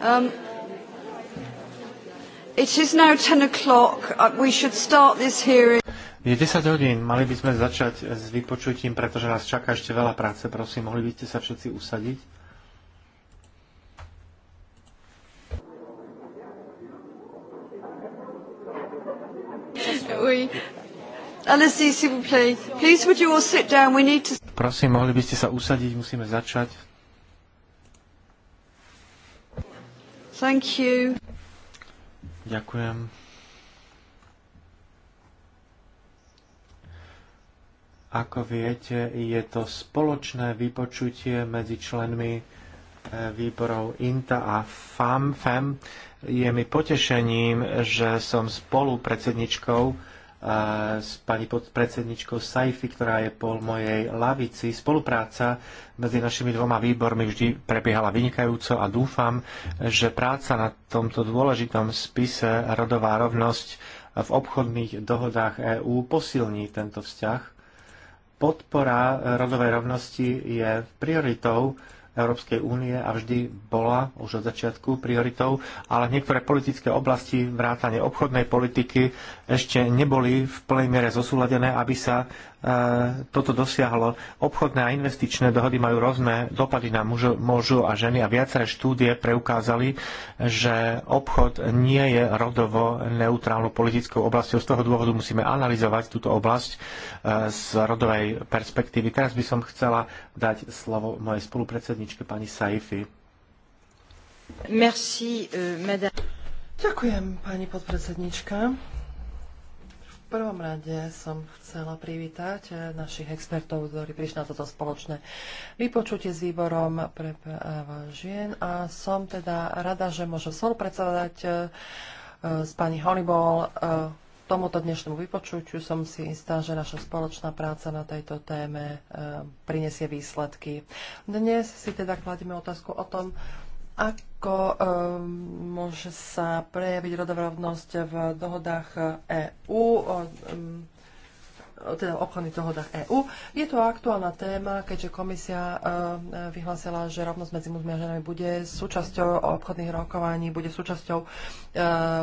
Um, it is now 10 o'clock. Uh, we should start this hearing. Je 10 hodín, mali by sme začať s vypočutím, pretože nás čaká ešte veľa práce. Prosím, mohli by ste sa všetci usadiť? Prosím, mohli by ste sa usadiť, musíme začať. Thank you. Ďakujem. Ako viete, je to spoločné vypočutie medzi členmi eh, výborov INTA a FAM. FAM. Je mi potešením, že som spolu predsedničkou s pani podpredsedničkou Saifi, ktorá je po mojej lavici. Spolupráca medzi našimi dvoma výbormi vždy prebiehala vynikajúco a dúfam, že práca na tomto dôležitom spise rodová rovnosť v obchodných dohodách EÚ posilní tento vzťah. Podpora rodovej rovnosti je prioritou Európskej únie a vždy bola už od začiatku prioritou, ale niektoré politické oblasti vrátane obchodnej politiky ešte neboli v plnej miere zosúladené, aby sa e, toto dosiahlo. Obchodné a investičné dohody majú rôzne dopady na mužo, mužu a ženy a viaceré štúdie preukázali, že obchod nie je rodovo neutrálnou politickou oblasťou. Z toho dôvodu musíme analyzovať túto oblasť e, z rodovej perspektívy. Teraz by som chcela dať slovo mojej spolupredsedničke pani Saifi. Merci, euh, madame. Ďakujem, pani podpredsednička prvom rade som chcela privítať eh, našich expertov, ktorí prišli na toto spoločné vypočutie s výborom pre práva žien a som teda rada, že môžem spolu predsedať eh, eh, s pani Honeyball tomuto dnešnému vypočutiu. Som si istá, že naša spoločná práca na tejto téme prinesie výsledky. Dnes si teda kladieme otázku o tom, ako ehm, môže sa prejaviť rodová rovnosť v dohodách EÚ? Ehm, teda v obchodných dohodách EÚ. Je to aktuálna téma, keďže komisia ehm, vyhlásila, že rovnosť medzi mužmi a ženami bude súčasťou obchodných rokovaní, bude súčasťou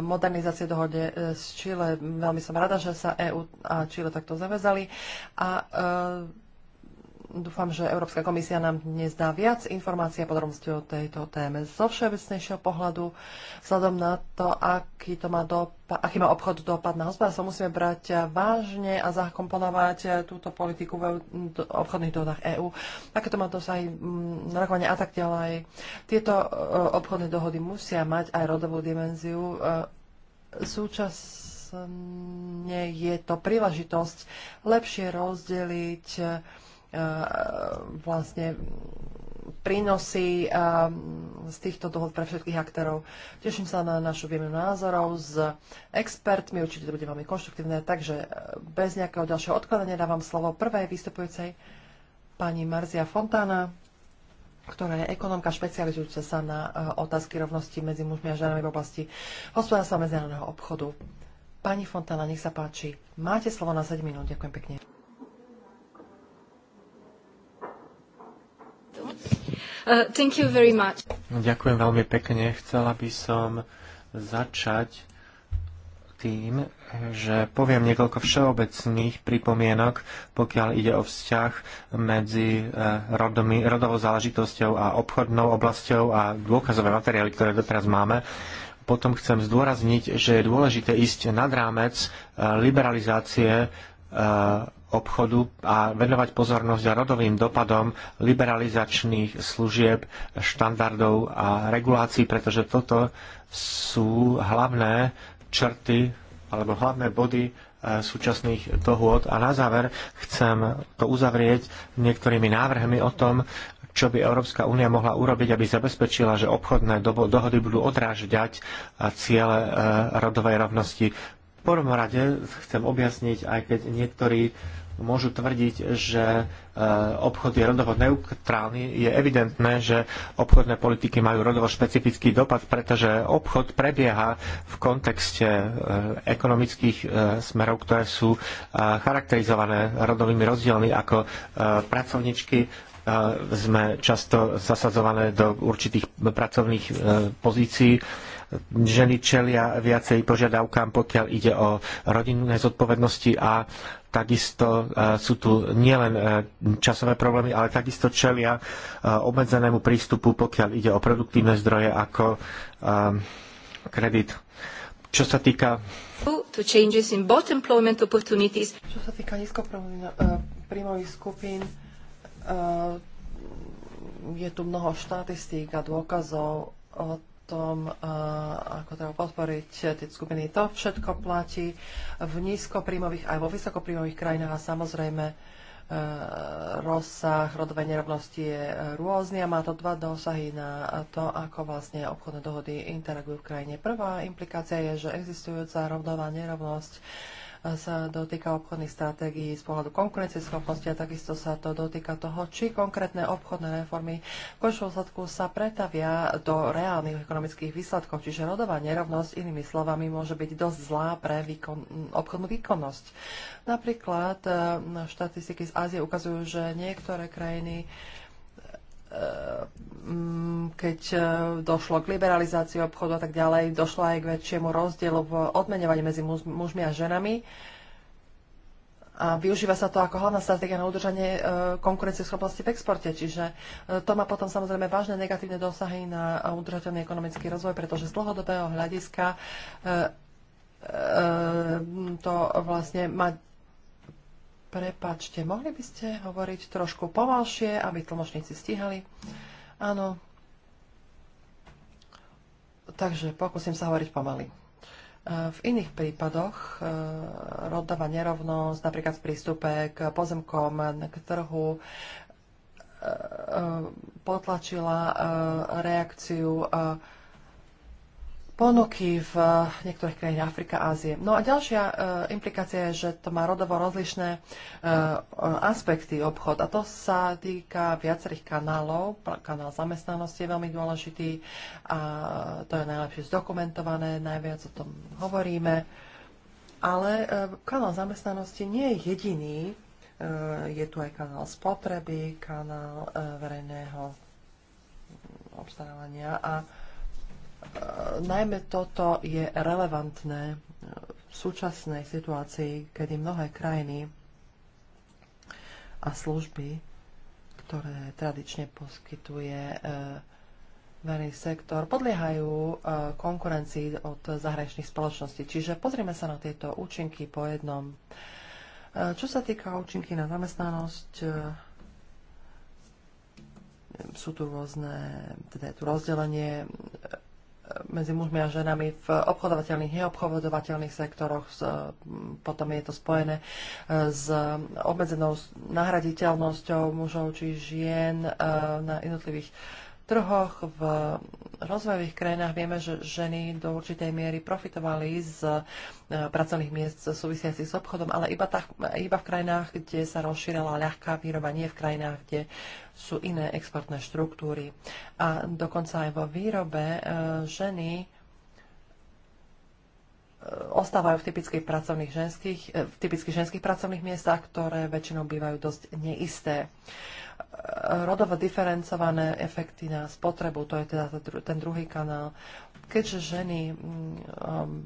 modernizácie dohode e, s Čile. Veľmi som rada, že sa EÚ a Čile takto zavezali. A Dúfam, že Európska komisia nám dnes dá viac informácií a podrobností o tejto téme zo všeobecnejšieho pohľadu. Vzhľadom na to, aký, to má dopa- aký má obchod dopad na hospodárstvo, musíme brať vážne a zakomponovať túto politiku v obchodných dohodách EÚ. Aké to má dosahy mm, narokovania a tak ďalej. Tieto e, obchodné dohody musia mať aj rodovú dimenziu. E, súčasne je to príležitosť lepšie rozdeliť Eh, vlastne prínosy eh, z týchto dohod pre všetkých aktérov. Teším sa na našu výmenu názorov s expertmi, určite to bude veľmi konštruktívne, takže eh, bez nejakého ďalšieho odkladania dávam slovo prvej vystupujúcej pani Marzia Fontána, ktorá je ekonomka špecializujúca sa na otázky rovnosti medzi mužmi a ženami v oblasti hospodárstva medzinárodného obchodu. Pani Fontana, nech sa páči. Máte slovo na 7 minút. Ďakujem pekne. Uh, thank you very much. Ďakujem veľmi pekne. Chcela by som začať tým, že poviem niekoľko všeobecných pripomienok, pokiaľ ide o vzťah medzi eh, rodomi, rodovou záležitosťou a obchodnou oblasťou a dôkazové materiály, ktoré doteraz máme. Potom chcem zdôrazniť, že je dôležité ísť nad rámec eh, liberalizácie eh, obchodu a venovať pozornosť rodovým dopadom liberalizačných služieb, štandardov a regulácií, pretože toto sú hlavné črty alebo hlavné body e, súčasných dohôd. A na záver chcem to uzavrieť niektorými návrhmi o tom, čo by Európska únia mohla urobiť, aby zabezpečila, že obchodné dohody budú odrážďať e, ciele e, rodovej rovnosti prvom rade chcem objasniť, aj keď niektorí môžu tvrdiť, že e, obchod je rodovo neutrálny, je evidentné, že obchodné politiky majú rodovo špecifický dopad, pretože obchod prebieha v kontexte e, ekonomických e, smerov, ktoré sú charakterizované rodovými rozdielmi ako pracovničky sme často zasadzované do určitých pracovných pozícií ženy čelia viacej požiadavkám, pokiaľ ide o rodinné zodpovednosti a takisto e, sú tu nielen e, časové problémy, ale takisto čelia e, obmedzenému prístupu, pokiaľ ide o produktívne zdroje ako kredit. Čo sa týka to changes in both employment opportunities. Čo sa týka nízkopríjmových skupín, je tu mnoho štatistík a dôkazov o tom, eh, ako treba podporiť tie skupiny. To všetko platí v nízkopríjmových aj vo vysokopríjmových krajinách a samozrejme eh, rozsah rodovej nerovnosti je rôzny a má to dva dosahy na to, ako vlastne obchodné dohody interagujú v krajine. Prvá implikácia je, že existujúca rodová nerovnosť sa dotýka obchodných stratégií z pohľadu konkurencieschopnosti a takisto sa to dotýka toho, či konkrétne obchodné reformy v končnom sledku sa pretavia do reálnych ekonomických výsledkov. Čiže rodová nerovnosť, inými slovami, môže byť dosť zlá pre výkon, obchodnú výkonnosť. Napríklad e, štatistiky z Ázie ukazujú, že niektoré krajiny Mm, keď e, došlo k liberalizácii obchodu a tak ďalej, došlo aj k väčšiemu rozdielu v odmenovaní medzi mužmi a ženami. A využíva sa to ako hlavná stratégia na udržanie e, konkurencieschopnosti v exporte. Čiže e, to má potom samozrejme vážne negatívne dosahy na udržateľný ekonomický rozvoj, pretože z dlhodobého hľadiska to vlastne má Prepačte, mohli by ste hovoriť trošku pomalšie, aby tlmočníci stíhali? Áno. Takže pokúsim sa hovoriť pomaly. E, v iných prípadoch e, rodová nerovnosť, napríklad v prístupe k pozemkom, k trhu, e, potlačila reakciu ponuky v eh, niektorých krajinách Afrika, Ázie. No a ďalšia uh, implikácia je, že to má rodovo rozlišné uh, aspekty obchod a to sa týka viacerých kanálov. Kanál zamestnanosti je veľmi dôležitý a to je najlepšie zdokumentované, najviac o tom hovoríme. Ale uh, kanál zamestnanosti nie je jediný. Uh, je tu aj kanál spotreby, kanál uh, verejného obstarávania a E, najmä toto je relevantné e, v súčasnej situácii, kedy mnohé krajiny a služby, ktoré tradične poskytuje e, verejný sektor, podliehajú konkurencii od zahraničných spoločností. Čiže pozrieme sa na tieto účinky po jednom. Čo sa týka účinky na zamestnanosť, sú tu rôzne, teda je tu rozdelenie medzi mužmi a ženami v obchodovateľných, neobchodovateľných sektoroch. Potom je to spojené e, s obmedzenou nahraditeľnosťou mužov či žien e, na jednotlivých trhoch, v rozvojových krajinách vieme, že ženy do určitej miery profitovali z e, pracovných miest súvisiacich s obchodom, ale iba, tak, iba v krajinách, kde sa rozšírala ľahká výroba, nie v krajinách, kde sú iné exportné štruktúry. A dokonca aj vo výrobe e, ženy ostávajú v typických pracovných ženských, eh, v typických ženských pracovných miestach, ktoré väčšinou bývajú dosť neisté. Rodovo diferencované efekty na spotrebu, to je teda ten druhý kanál. Keďže ženy mm, eh,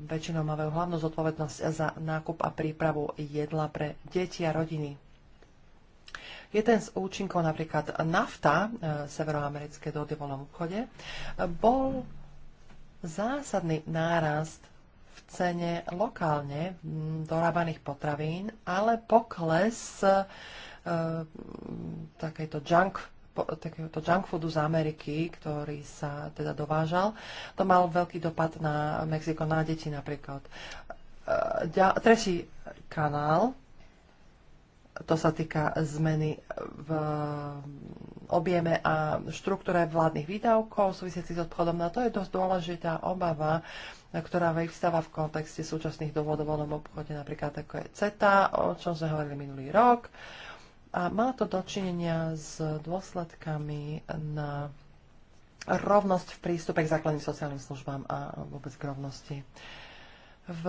väčšinou majú hlavnú zodpovednosť za nákup a prípravu jedla pre deti a rodiny. Jeden z účinkov napríklad nafta, eh, severoamerické dohody voľnom obchode, bol zásadný nárast v cene lokálne mm, dorábaných potravín, ale pokles e, takéto junk takéhoto junk foodu z Ameriky, ktorý sa teda dovážal, to mal veľký dopad na Mexiko, na deti napríklad. E, tretí kanál, to sa týka zmeny v objeme a štruktúre vládnych výdavkov súvisiacich s odchodom na no to je dosť dôležitá obava, ktorá vyvstáva v kontexte súčasných dôvodov o voľnom obchode, napríklad ako je CETA, o čom sme hovorili minulý rok. A má to dočinenia s dôsledkami na rovnosť v prístupe k základným sociálnym službám a vôbec k rovnosti. Uh, v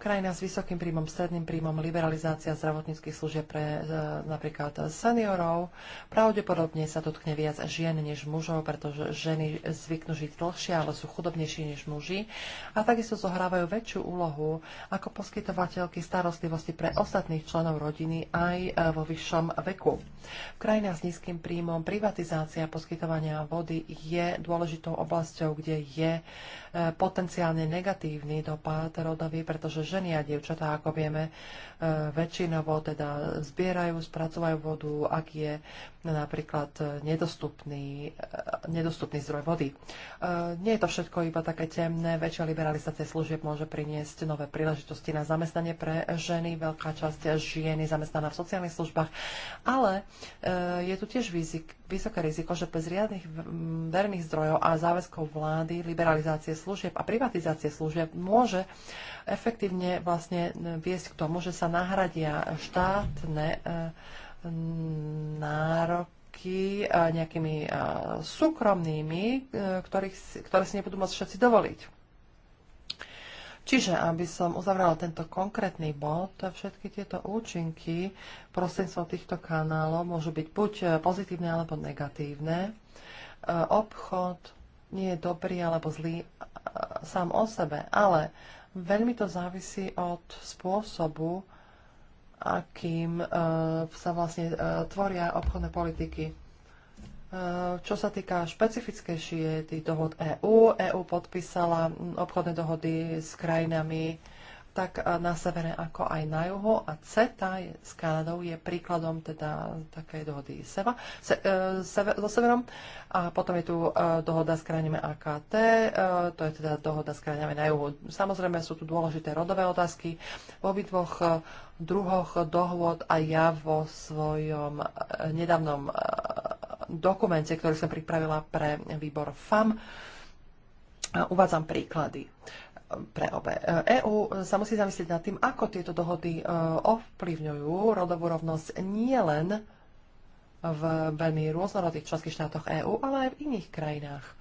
krajinách s vysokým príjmom, stredným príjmom liberalizácia zdravotníckých služieb pre e, napríklad seniorov. Pravdepodobne sa dotkne viac žien než mužov, pretože ženy zvyknú žiť dlhšie, ale sú chudobnejší než muži. A takisto zohrávajú väčšiu úlohu ako poskytovateľky starostlivosti pre ostatných členov rodiny aj e, vo vyššom veku. V krajinách s nízkym príjmom privatizácia poskytovania vody je dôležitou oblasťou, kde je E, potenciálne negatívny dopad rodový, pretože ženy a dievčatá, ako vieme, e, väčšinovo teda zbierajú, spracovajú vodu, ak je napríklad nedostupný, e, nedostupný zdroj vody. Nie je to všetko iba také temné. Väčšia liberalizácia služieb môže priniesť nové príležitosti na zamestnanie pre ženy. Veľká časť žien je zamestnaná v sociálnych službách, ale je tu tiež vysoké riziko, že bez riadnych verných zdrojov a záväzkov vlády, liberalizácie služieb a privatizácie služieb môže efektívne vlastne viesť k tomu, že sa nahradia štátne e, nároky e, nejakými e, súkromnými, ktorých, ktoré si nebudú môcť všetci dovoliť. Čiže, aby som uzavrela tento konkrétny bod, všetky tieto účinky prostredníctvom týchto kanálov môžu byť buď e, pozitívne alebo negatívne. E, obchod nie je dobrý alebo zlý e, sám o sebe, ale veľmi to závisí od spôsobu, akým sa vlastne tvoria obchodné politiky Eh, čo sa týka špecifickejšie tých dohod EÚ, EÚ podpísala obchodné dohody s krajinami tak eh, na severe ako aj na juhu. A CETA je, s Kanadou je príkladom teda také dohody seva, se, e, sever, so severom. A potom je tu e, dohoda s krajinami AKT, e, to je teda dohoda s krajinami na juhu. Samozrejme sú tu dôležité rodové otázky. V obidvoch druhoch dohôd a ja vo svojom nedávnom dokumente, ktorý som pripravila pre výbor FAM, uvádzam príklady pre obe. EÚ e sa musí zamyslieť nad tým, ako tieto dohody e, ovplyvňujú rodovú rovnosť nie len v veľmi rôznorodých členských štátoch EÚ, ale aj v iných krajinách, e,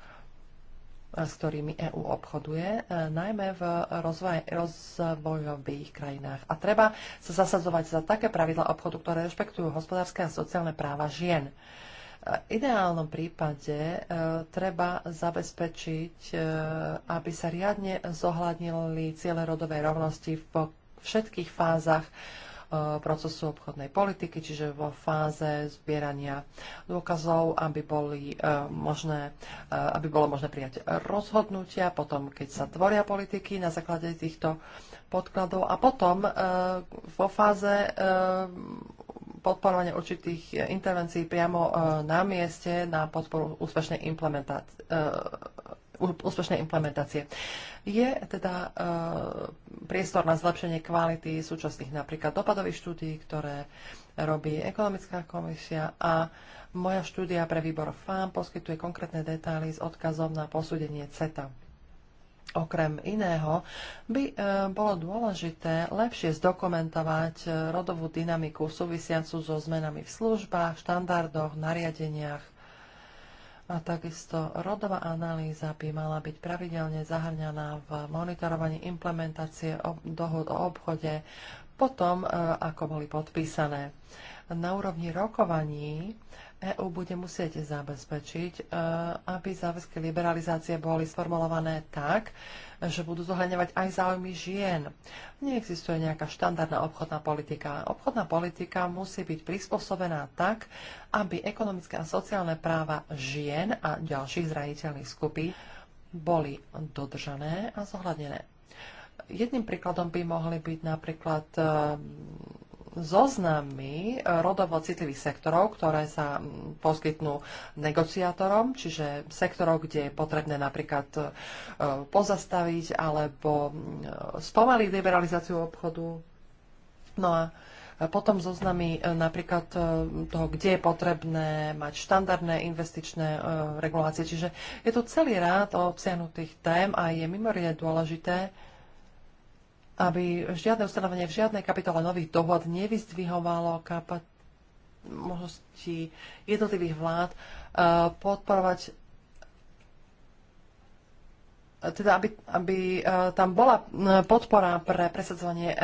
s ktorými EÚ obchoduje, najmä v rozvoj, rozvojových krajinách. A treba sa zasadzovať za také pravidla obchodu, ktoré rešpektujú hospodárske a sociálne práva žien ideálnom prípade e, treba zabezpečiť, e, aby sa riadne zohľadnili ciele rodovej rovnosti v všetkých fázach e, procesu obchodnej politiky, čiže vo fáze zbierania dôkazov, aby, boli možné, aby bolo možné prijať rozhodnutia, potom keď sa tvoria politiky na základe týchto podkladov a potom vo fáze podporovanie určitých e, intervencií priamo e, na mieste na podporu úspešnej implementácie úspešnej implementácie. Je teda e, priestor na zlepšenie kvality súčasných napríklad dopadových štúdí, ktoré robí ekonomická komisia a moja štúdia pre výbor FAM poskytuje konkrétne detaily s odkazom na posúdenie CETA. Okrem iného by e, bolo dôležité lepšie zdokumentovať e, rodovú dynamiku súvisiacu so zmenami v službách, štandardoch, nariadeniach. A takisto rodová analýza by mala byť pravidelne zahrňaná v monitorovaní implementácie dohod o obchode potom, e, ako boli podpísané. Na úrovni rokovaní EÚ bude musieť zabezpečiť, e, aby záväzky liberalizácie boli sformulované tak, že budú zohľadňovať aj záujmy žien. Neexistuje nejaká štandardná obchodná politika. Obchodná politika musí byť prispôsobená tak, aby ekonomické a sociálne práva žien a ďalších zraniteľných skupín boli dodržané a zohľadnené. Jedným príkladom by mohli byť napríklad zoznamy e, rodovo citlivých sektorov, ktoré sa poskytnú negociátorom, čiže sektorov, kde je potrebné napríklad e, pozastaviť alebo spomaliť liberalizáciu obchodu. No a potom zoznamy e, napríklad toho, kde je potrebné mať štandardné investičné regulácie. Čiže je tu celý rád obsiahnutých tém a je mimoriadne dôležité, aby žiadne ustanovenie v žiadnej kapitole nových dohod nevyzdvihovalo možnosti jednotlivých vlád eh, podporovať teda aby, aby e, tam bola e, podpora pre presadzovanie e,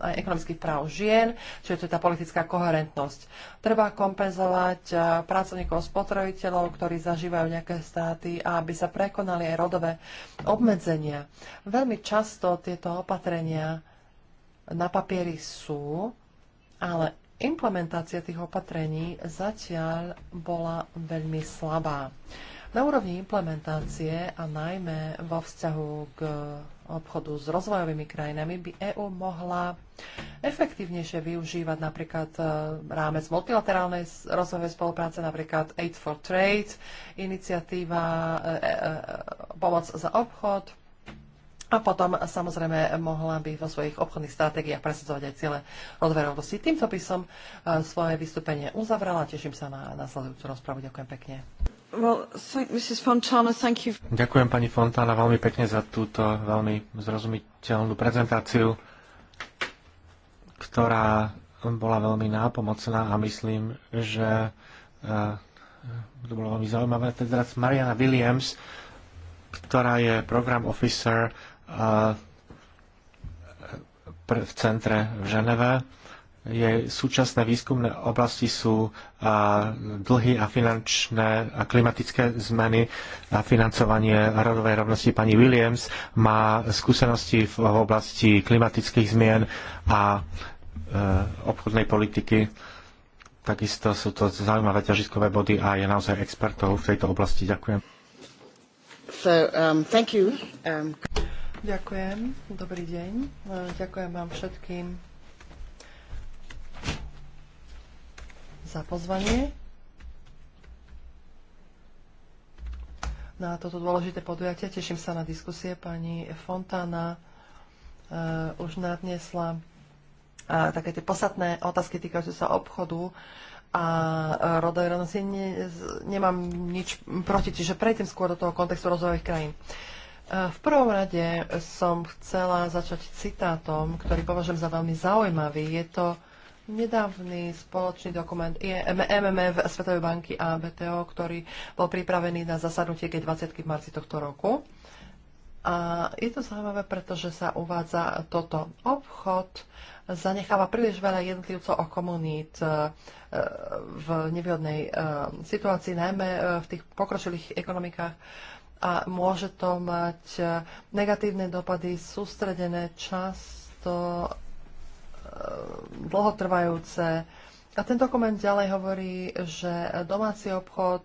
aj ekonomických práv žien, čiže to je tá politická koherentnosť. Treba kompenzovať pracovníkov, spotrebiteľov, ktorí zažívajú nejaké státy a aby sa prekonali aj rodové obmedzenia. Veľmi často tieto opatrenia na papieri sú, ale implementácia tých opatrení zatiaľ bola veľmi slabá. Na úrovni implementácie a najmä vo vzťahu k obchodu s rozvojovými krajinami by EÚ mohla efektívnejšie využívať napríklad e, rámec multilaterálnej rozvojovej spolupráce, napríklad Aid for Trade, iniciatíva e, e, Pomoc za obchod. A potom samozrejme mohla by vo svojich obchodných stratégiách presadzovať aj ciele rozverovosti. Týmto by som svoje vystúpenie uzavrala. Teším sa na nasledujúcu rozpravu. Ďakujem pekne. Ďakujem pani Fontana veľmi pekne za túto veľmi zrozumiteľnú prezentáciu, ktorá bola veľmi nápomocná a myslím, že eh, to bolo veľmi zaujímavé. Teraz Mariana Williams, ktorá je program officer eh, v centre v Ženeve je súčasné výskumné oblasti sú a, dlhy a finančné a klimatické zmeny a financovanie rodovej rovnosti. Pani Williams má skúsenosti v, v oblasti klimatických zmien a e, obchodnej politiky. Takisto sú to zaujímavé ťažiskové body a je naozaj expertov v tejto oblasti. Ďakujem. So, um, thank you. Um... Ďakujem. Dobrý deň. E, ďakujem vám všetkým za pozvanie na toto dôležité podujatie. Teším sa na diskusie. Pani Fontána uh, eh, už nadniesla uh, eh, také tie posadné otázky týkajúce sa obchodu a uh, eh, rodovej rovnosti. Ne, nemám nič proti, čiže prejdem skôr do toho kontextu rozvojových krajín. v prvom rade som chcela začať citátom, ktorý považujem za veľmi zaujímavý. Je to uh, Nedávny spoločný dokument MMF Svetovej banky a BTO, ktorý bol pripravený na zasadnutie G20 v marci tohto roku. A je to zaujímavé, pretože sa uvádza toto. Obchod zanecháva príliš veľa jednotlivcov a komunít e, e, v nevýhodnej e, situácii, najmä v tých pokročilých ekonomikách a môže to mať negatívne dopady sústredené často dlhotrvajúce. A ten dokument ďalej hovorí, že domáci obchod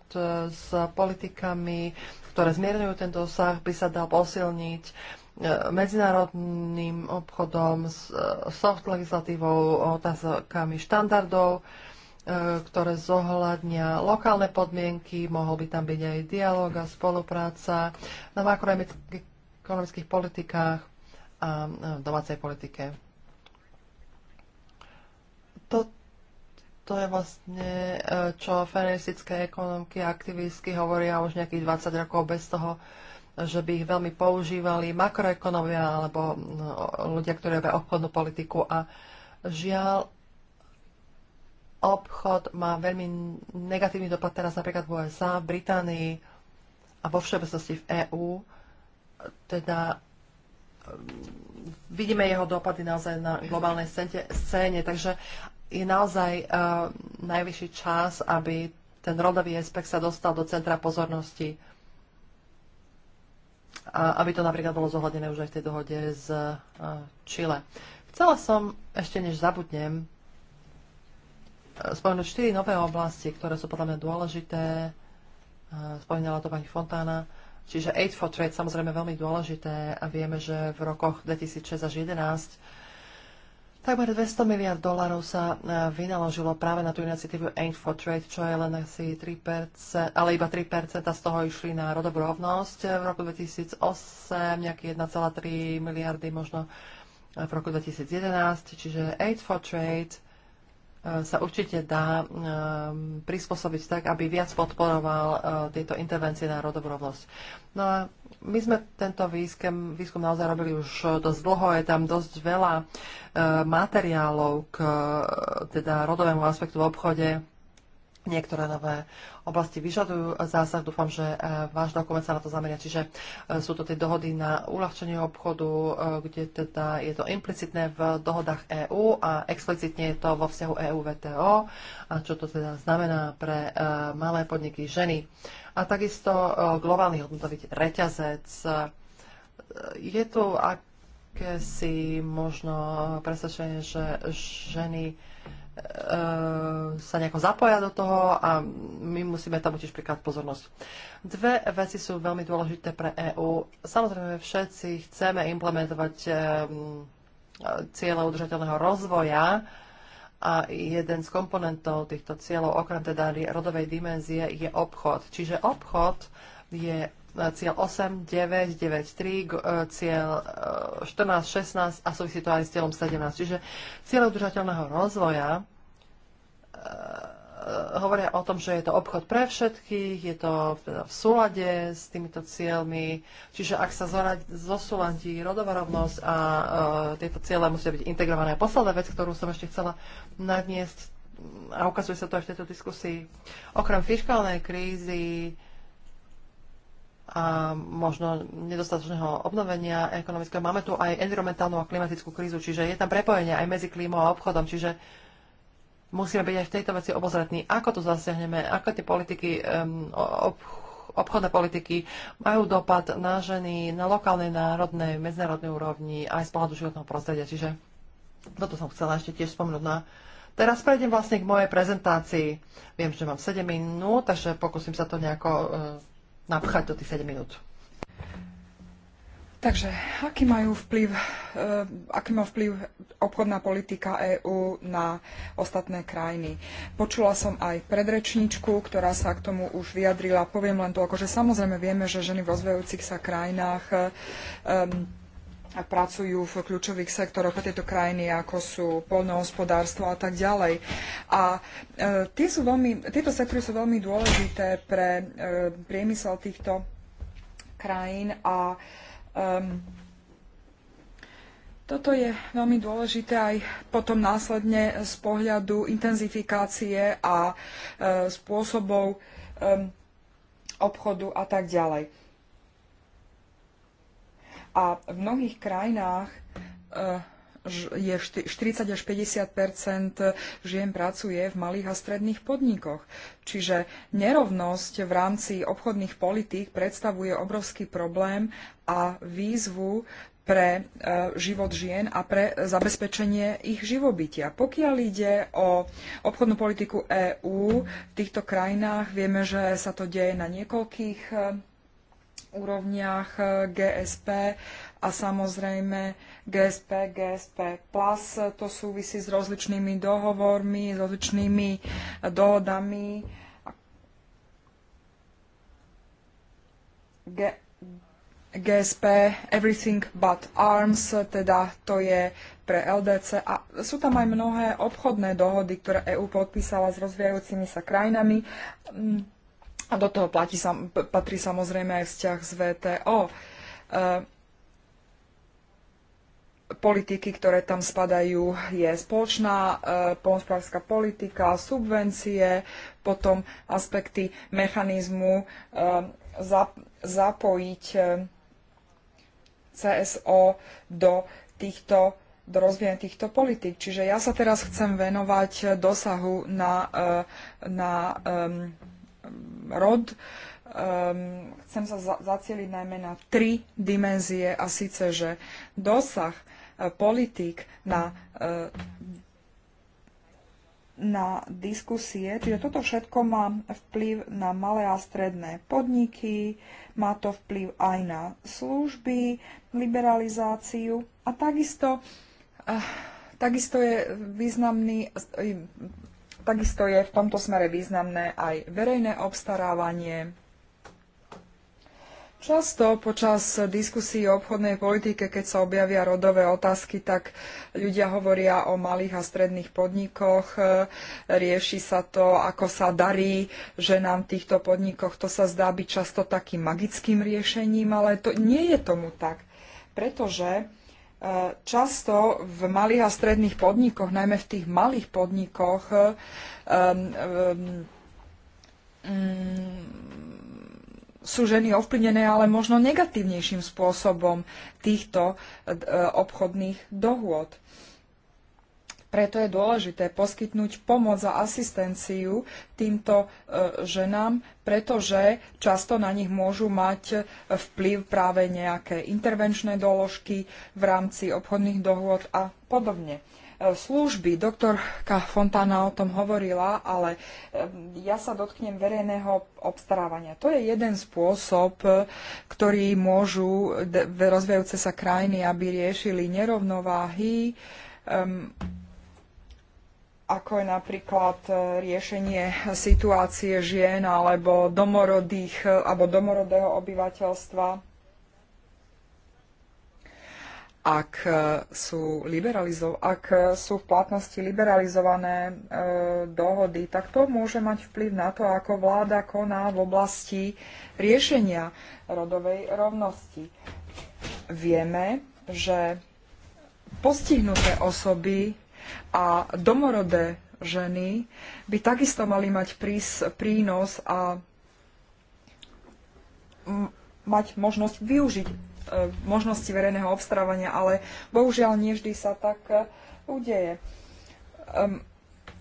s politikami, ktoré zmierňujú ten dosah, by sa dal posilniť e, medzinárodným obchodom, s e, soft legislatívou, otázkami štandardov, e, ktoré zohľadnia lokálne podmienky, mohol by tam byť aj dialog a spolupráca na makroekonomických politikách a v domácej politike. To, to je vlastne, e, čo feministické ekonomky a aktivistky hovoria už nejakých 20 rokov bez toho, že by ich veľmi používali makroekonomia alebo e, ľudia, ktorí robia obchodnú politiku a žiaľ obchod má veľmi negatívny dopad teraz napríklad v USA, v Británii a vo všeobecnosti v EÚ. Teda e, vidíme jeho dopady naozaj na globálnej scéne, takže je naozaj uh, najvyšší čas, aby ten rodový aspekt sa dostal do centra pozornosti. A aby to napríklad bolo zohľadené už aj v tej dohode z uh, eh, Chile. Chcela som, ešte než zabudnem, eh, spomenúť štyri nové oblasti, ktoré sú podľa mňa dôležité. Uh, spomínala to pani Fontána. Čiže Aid for Trade samozrejme veľmi dôležité a vieme, že v rokoch 2006 až 2011 Takmer 200 miliard dolarov sa e, vynaložilo práve na tú iniciatívu Aid for Trade, čo je len asi 3%, ale iba 3% z toho išli na rodovú rovnosť. V roku 2008 nejaké 1,3 miliardy možno e, v roku 2011, čiže Aid for Trade sa určite dá um, prispôsobiť tak, aby viac podporoval uh, tieto intervencie na rodobrovnosť. No a my sme tento výskum, výskum naozaj robili už dosť dlho, je tam dosť veľa uh, materiálov k uh, teda rodovému aspektu v obchode, Niektoré nové oblasti vyžadujú zásah. Dúfam, že e, váš dokument sa na to zameria. Čiže e, sú to tie dohody na uľahčenie obchodu, e, kde teda je to implicitné v dohodách EÚ a explicitne je to vo vzťahu EÚ-VTO a čo to teda znamená pre malé podniky ženy. A takisto globálny hodnotový reťazec. Je tu akési možno presvedčenie, že ženy E, sa nejako zapoja do toho a my musíme tam tiež prikladať pozornosť. Dve veci sú veľmi dôležité pre EÚ. Samozrejme, všetci chceme implementovať e, cieľe udržateľného rozvoja a jeden z komponentov týchto cieľov, okrem teda rodovej dimenzie, je obchod. Čiže obchod je cieľ 8, 9, 9, 3, cieľ 14, e, 16 a súvisí to aj s cieľom 17. Čiže cieľ udržateľného rozvoja e, hovoria o tom, že je to obchod pre všetkých, je to teda v súlade s týmito cieľmi, čiže ak sa zosúladí rodová rovnosť a e, tieto cieľe musia byť integrované. A posledná vec, ktorú som ešte chcela nadniesť, a ukazuje sa to aj v tejto diskusii, okrem fiskálnej krízy, a možno nedostatočného obnovenia ekonomického. Máme tu aj environmentálnu a klimatickú krízu, čiže je tam prepojenie aj medzi klímou a obchodom, čiže musíme byť aj v tejto veci obozretní. Ako to zasiahneme, ako tie politiky, um, ob, obchodné politiky majú dopad na ženy na lokálnej, národnej, medzinárodnej úrovni aj z pohľadu životného prostredia. Čiže toto som chcela ešte tiež spomenúť na no Teraz prejdem vlastne k mojej prezentácii. Viem, že mám 7 minút, takže pokúsim sa to nejako uh, napchať do tých 7 minút. Takže aký, majú vplyv, eh, aký má vplyv obchodná politika EÚ na ostatné krajiny? Počula som aj predrečníčku, ktorá sa k tomu už vyjadrila. Poviem len to že akože samozrejme vieme, že ženy v rozvojujúcich sa krajinách um, a pracujú v kľúčových sektoroch pre tieto krajiny, ako sú poľnohospodárstvo a tak ďalej. A e, tie sú veľmi, tieto sektory sú veľmi dôležité pre e, priemysel týchto krajín a um, toto je veľmi dôležité aj potom následne z pohľadu intenzifikácie a e, spôsobov e, obchodu a tak ďalej. A v mnohých krajinách eh, je 40 až 50 žien pracuje v malých a stredných podnikoch. Čiže nerovnosť v rámci obchodných politík predstavuje obrovský problém a výzvu pre eh, život žien a pre zabezpečenie ich živobytia. Pokiaľ ide o obchodnú politiku EÚ v týchto krajinách, vieme, že sa to deje na niekoľkých eh, úrovniach eh, GSP a samozrejme GSP, GSP+. Plus. To súvisí s rozličnými dohovormi, s rozličnými eh, dohodami. G- GSP Everything But Arms, teda to je pre LDC. A sú tam aj mnohé obchodné dohody, ktoré EÚ podpísala s rozvíjajúcimi sa krajinami. Mm, a do toho platí, patrí samozrejme aj vzťah s VTO. E, politiky, ktoré tam spadajú, je spoločná e, polnospodárska politika, subvencie, potom aspekty mechanizmu e, za, zapojiť e, CSO do týchto do rozvíjania týchto politik. Čiže ja sa teraz chcem venovať dosahu na, e, na na rod. Um, chcem sa za- zacieliť najmä na tri dimenzie a síce, že dosah uh, e, politík na, uh, na diskusie, čiže toto všetko má vplyv na malé a stredné podniky, má to vplyv aj na služby, liberalizáciu a takisto uh, Takisto je významný, Takisto je v tomto smere významné aj verejné obstarávanie. Často počas diskusí o obchodnej politike, keď sa objavia rodové otázky, tak ľudia hovoria o malých a stredných podnikoch, rieši sa to, ako sa darí ženám v týchto podnikoch. To sa zdá byť často takým magickým riešením, ale to nie je tomu tak, pretože Eh, často v malých a stredných podnikoch, najmä v tých malých podnikoch, um, um, sú ženy ovplyvnené ale možno negatívnejším spôsobom týchto eh, obchodných dohôd. Preto je dôležité poskytnúť pomoc a asistenciu týmto e, ženám, pretože často na nich môžu mať e, vplyv práve nejaké intervenčné doložky v rámci obchodných dohôd a podobne e, služby. Doktorka Fontana o tom hovorila, ale ja sa dotknem verejného obstarávania. To je jeden spôsob, ktorý môžu rozvíjajúce sa krajiny, aby riešili nerovnováhy ako je napríklad e, riešenie situácie žien alebo domorodých, e, alebo domorodého obyvateľstva. Ak e, sú, liberalizo- ak sú v platnosti liberalizované e, dohody, tak to môže mať vplyv na to, ako vláda koná v oblasti riešenia rodovej rovnosti. Vieme, že postihnuté osoby a domorodé ženy by takisto mali mať prís, prínos a mať možnosť využiť e, možnosti verejného obstarávania, ale bohužiaľ nie vždy sa tak e, udeje. Ehm,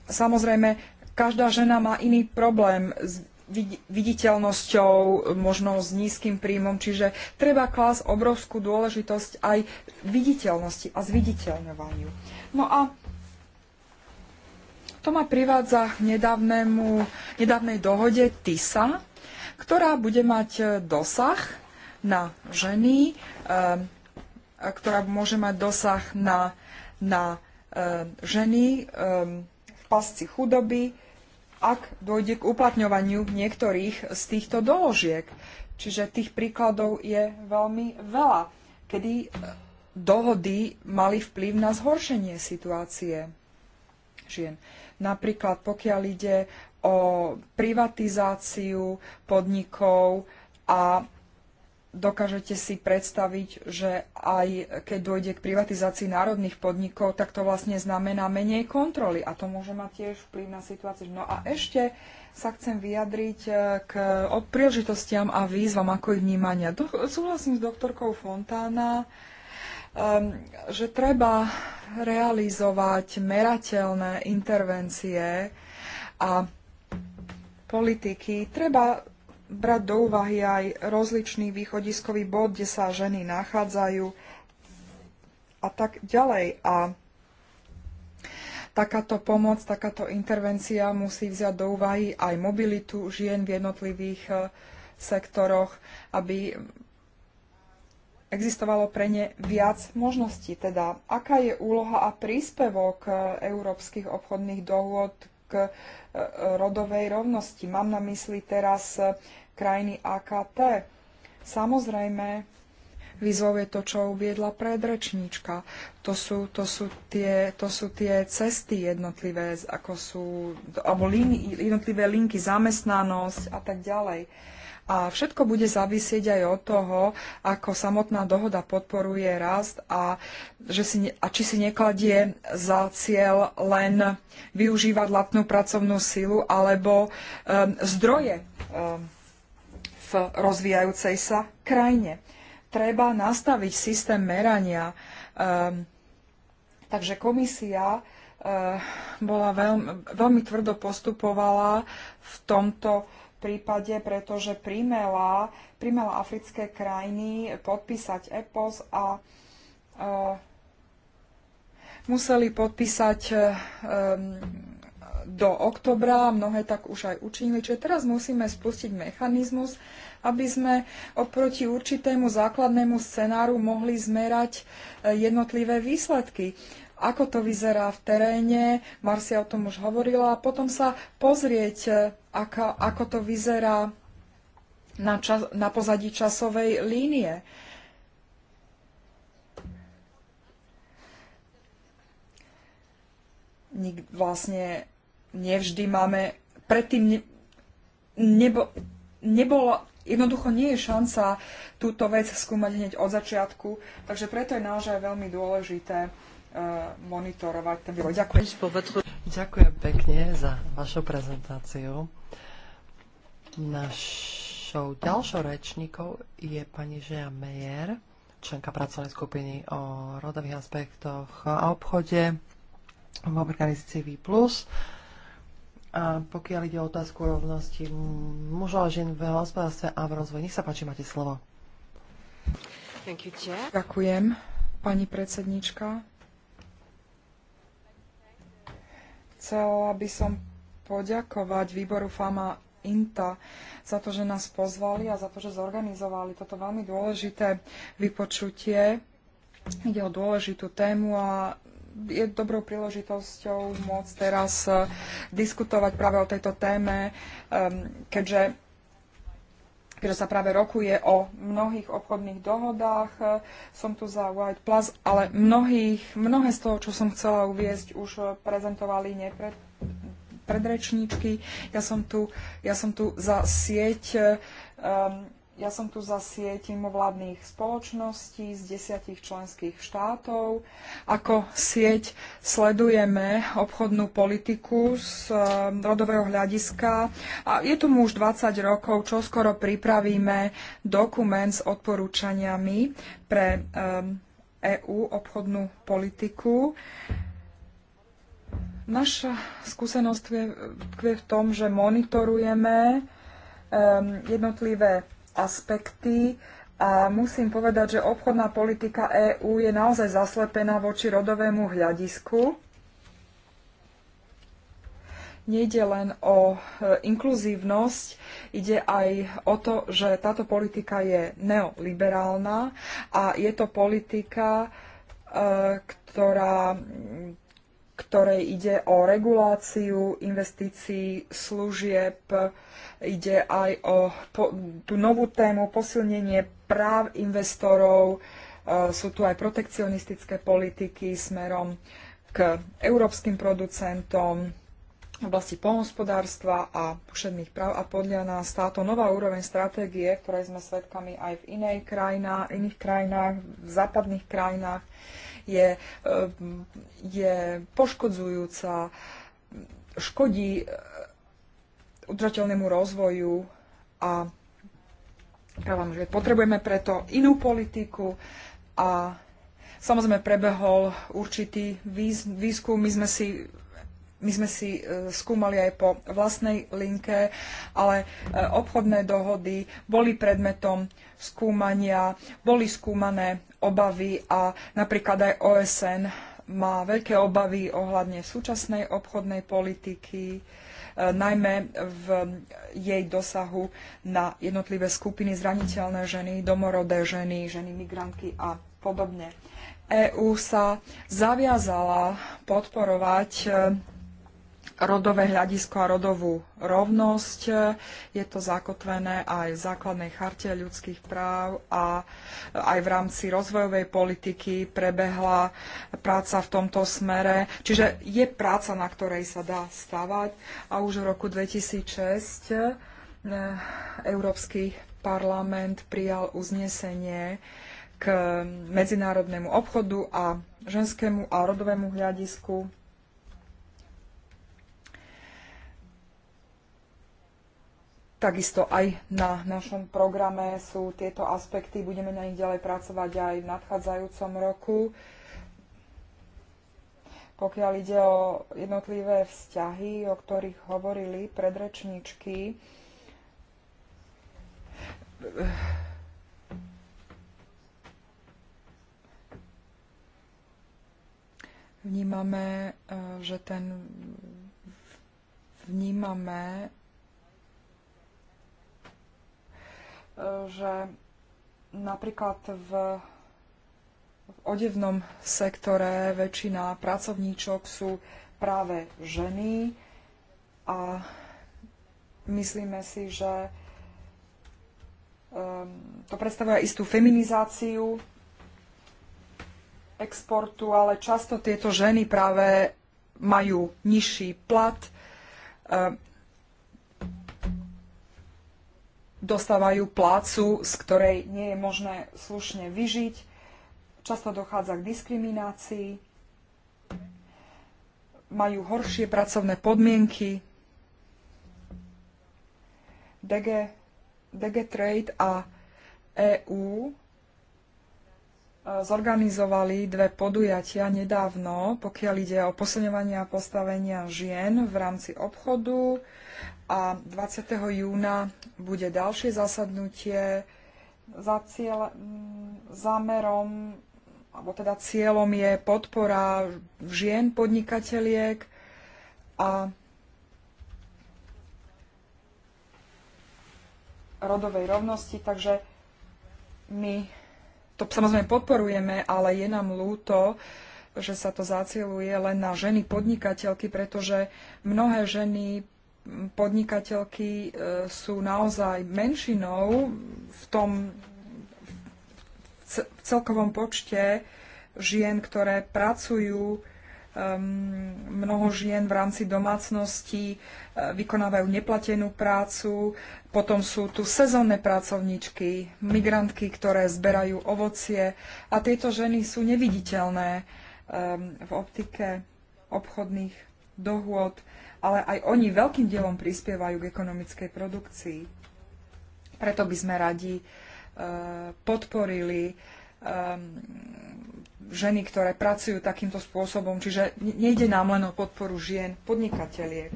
samozrejme, každá žena má iný problém s vid viditeľnosťou, možno s nízkym príjmom, čiže treba klásť obrovskú dôležitosť aj viditeľnosti a zviditeľňovaniu. No a to ma privádza k nedávnemu, nedávnej dohode TISA, ktorá bude mať e, dosah na ženy, e, e, ktorá môže mať dosah na, na ženy v pasci chudoby, ak dôjde k uplatňovaniu niektorých z týchto doložiek. Čiže tých príkladov je veľmi veľa, kedy dohody mali vplyv na zhoršenie situácie žien. Napríklad pokiaľ ide o privatizáciu podnikov a dokážete si predstaviť, že aj keď dôjde k privatizácii národných podnikov, tak to vlastne znamená menej kontroly a to môže mať tiež vplyv na situáciu. No a ešte sa chcem vyjadriť e, k príležitostiam a výzvam, ako ich vnímania. Do, súhlasím s doktorkou Fontána, Ehm, že treba realizovať merateľné intervencie a politiky. Treba brať do úvahy aj rozličný východiskový bod, kde sa ženy nachádzajú a tak ďalej. A takáto pomoc, takáto intervencia musí vziať do úvahy aj mobilitu žien v jednotlivých eh, sektoroch, aby existovalo pre ne viac možností. Teda, aká je úloha a príspevok e, európskych obchodných dohôd k e, rodovej rovnosti? Mám na mysli teraz e, krajiny AKT. Samozrejme, výzvou je to, čo uviedla predrečníčka. To sú, to sú, tie, to sú tie cesty jednotlivé, ako sú, alebo lin, jednotlivé linky, zamestnanosť a tak ďalej. A všetko bude závisieť aj od toho, ako samotná dohoda podporuje rast a, že si, a či si nekladie za cieľ len využívať latnú pracovnú silu alebo um, zdroje um, v rozvíjajúcej sa krajine. Treba nastaviť systém merania. Um, takže komisia eh, bola veľmi, veľmi tvrdo postupovala v tomto prípade, pretože primela, primela africké krajiny podpísať EPOS a e, museli podpísať e, e, do oktobra, mnohé tak už aj učinili. Čiže teraz musíme spustiť mechanizmus, aby sme oproti určitému základnému scenáru mohli zmerať jednotlivé výsledky ako to vyzerá v teréne, Marcia o tom už hovorila, a potom sa pozrieť, e, ako, ako to vyzerá na, čas, na pozadí časovej línie. Nik, vlastne nevždy máme, predtým ne, nebo, nebola, jednoducho nie je šanca túto vec skúmať hneď od začiatku, takže preto je naozaj veľmi dôležité Eh, monitorovať ten vývoj. Ďakujem. Ďakujem pekne za vašu prezentáciu. Našou ďalšou rečníkou je pani Žia Meyer, členka pracovnej skupiny o rodových aspektoch a obchode v organizácii V+. A pokiaľ ide o otázku rovnosti mužov a žien v hospodárstve a v rozvoji, nech sa páči, máte slovo. You, Ďakujem, pani predsednička. Chcela by som poďakovať výboru FAMA INTA za to, že nás pozvali a za to, že zorganizovali toto veľmi dôležité vypočutie. Ide o dôležitú tému a je dobrou príležitosťou môcť teraz eh, diskutovať práve o tejto téme, eh, keďže keďže sa práve rokuje o mnohých obchodných dohodách. E, som tu za White Plus, ale mnohých, mnohé z toho, čo som chcela uviezť, už e, prezentovali nepred, predrečníčky. Ja som tu, ja som tu za sieť um, ja som tu za sieť mimovládnych spoločností z desiatich členských štátov. Ako sieť sledujeme obchodnú politiku z eh, rodového hľadiska. A je tu už 20 rokov, čo skoro pripravíme dokument s odporúčaniami pre EÚ eh, e obchodnú politiku. Naša skúsenosť je v tom, že monitorujeme eh, jednotlivé aspekty a musím povedať, že obchodná politika EÚ je naozaj zaslepená voči rodovému hľadisku. Nejde len o e, inkluzívnosť, ide aj o to, že táto politika je neoliberálna a je to politika, e, ktorá ktorej ide o reguláciu investícií, služieb, ide aj o po, tú novú tému posilnenie práv investorov, e, sú tu aj protekcionistické politiky smerom k európskym producentom v oblasti pohospodárstva a všetných práv a podľa nás táto nová úroveň stratégie, ktorej sme svedkami aj v inej krajina, iných krajinách, v západných krajinách, je, eh, je poškodzujúca, škodí eh, udržateľnému rozvoju a právam, že potrebujeme preto inú politiku a samozrejme prebehol určitý výskum. My sme si my sme si e, skúmali aj po vlastnej linke, ale e, obchodné dohody boli predmetom skúmania, boli skúmané obavy a napríklad aj OSN má veľké obavy ohľadne súčasnej obchodnej politiky, e, najmä v jej dosahu na jednotlivé skupiny zraniteľné ženy, domorodé ženy, ženy migrantky a podobne. EÚ sa zaviazala podporovať rodové hľadisko a rodovú rovnosť. Je to zakotvené aj v základnej charte ľudských práv a aj v rámci rozvojovej politiky prebehla práca v tomto smere. Čiže je práca, na ktorej sa dá stavať a už v roku 2006 eh, Európsky parlament prijal uznesenie k medzinárodnému obchodu a ženskému a rodovému hľadisku Takisto aj na našom programe sú tieto aspekty, budeme na nich ďalej pracovať aj v nadchádzajúcom roku. Pokiaľ ide o jednotlivé vzťahy, o ktorých hovorili predrečničky, vnímame, eh, že ten vnímame, že napríklad v, v odevnom sektore väčšina pracovníčok sú práve ženy a myslíme si, že ehm, to predstavuje istú feminizáciu exportu, ale často tieto ženy práve majú nižší plat, ehm, dostávajú plácu, z ktorej nie je možné slušne vyžiť. Často dochádza k diskriminácii, majú horšie pracovné podmienky. DG, DG Trade a EU E, zorganizovali dve podujatia nedávno, pokiaľ ide o posilňovanie a postavenia žien v rámci obchodu a 20. júna bude ďalšie zasadnutie za cieľ, mm, zámerom, alebo teda cieľom je podpora žien podnikateliek a rodovej rovnosti, takže my to samozrejme podporujeme, ale je nám ľúto, že sa to zacieluje len na ženy podnikateľky, pretože mnohé ženy podnikateľky e, sú naozaj menšinou v tom v celkovom počte žien, ktoré pracujú Ehm, mnoho žien v rámci domácnosti eh, vykonávajú neplatenú prácu, potom sú tu sezónne pracovníčky, migrantky, ktoré zberajú ovocie a tieto ženy sú neviditeľné ehm, v optike obchodných dohôd, ale aj oni veľkým dielom prispievajú k ekonomickej produkcii. Preto by sme radi eh, podporili ehm, ženy, ktoré pracujú takýmto spôsobom. Čiže nejde nám len o podporu žien, podnikateliek.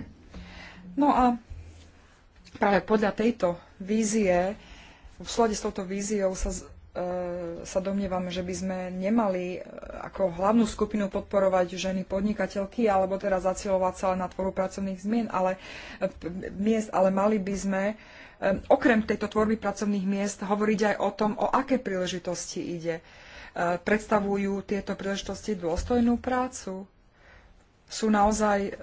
No a práve podľa tejto vízie, v slade s touto víziou sa, e, sa domnievame, že by sme nemali e, ako hlavnú skupinu podporovať ženy podnikateľky alebo teda zacielovať sa na tvorbu pracovných zmien, ale, e, miest, ale mali by sme e, okrem tejto tvorby pracovných miest hovoriť aj o tom, o aké príležitosti ide. E, predstavujú tieto príležitosti dôstojnú prácu? Sú naozaj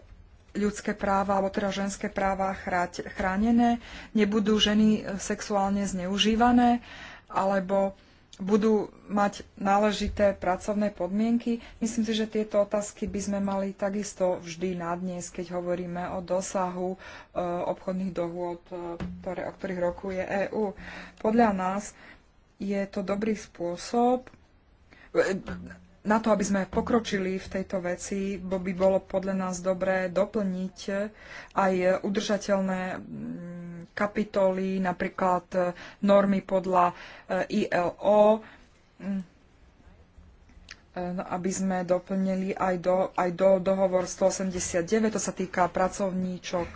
ľudské práva, alebo teda ženské práva chránené? Nebudú ženy sexuálne zneužívané? Alebo budú mať náležité pracovné podmienky. Myslím si, že tieto otázky by sme mali takisto vždy na dnes, keď hovoríme o dosahu e, obchodných dohôd, e, ktoré, o ktorých rokuje EÚ. Podľa nás je to dobrý spôsob, na to, aby sme pokročili v tejto veci, bo by bolo podľa nás dobré doplniť aj udržateľné mm, kapitoly, napríklad e, normy podľa e, ILO, mm, e, no, aby sme doplnili aj do, aj do dohovor 189, to sa týka pracovníčok,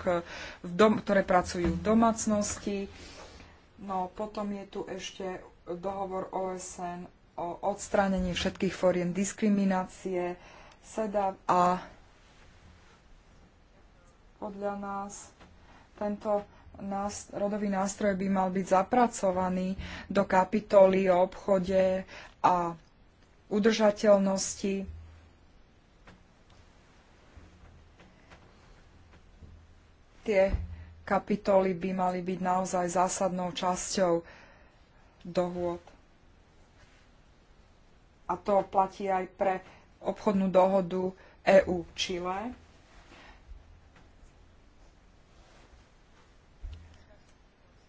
v dom, ktoré pracujú v domácnosti. No potom je tu ešte dohovor OSN o odstránení všetkých fóriem diskriminácie, SEDA a podľa nás tento rodový nástroj by mal byť zapracovaný do kapitoly o obchode a udržateľnosti. Tie kapitoly by mali byť naozaj zásadnou časťou dohôd a to platí aj pre obchodnú dohodu EU-Čile.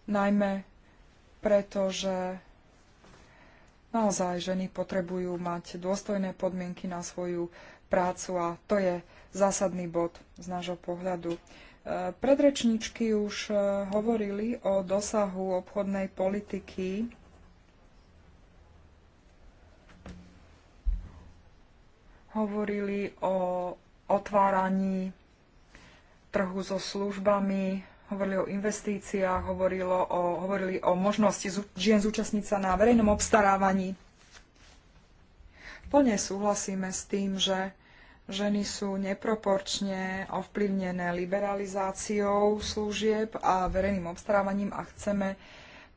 Najmä preto, že naozaj ženy potrebujú mať dôstojné podmienky na svoju prácu a to je zásadný bod z nášho pohľadu. E, predrečníčky už e, hovorili o dosahu obchodnej politiky hovorili o otváraní trhu so službami, hovorili o investíciách, hovorilo o, hovorili o možnosti žien zúčastniť sa na verejnom obstarávaní. Plne súhlasíme s tým, že ženy sú neproporčne ovplyvnené liberalizáciou služieb a verejným obstarávaním a chceme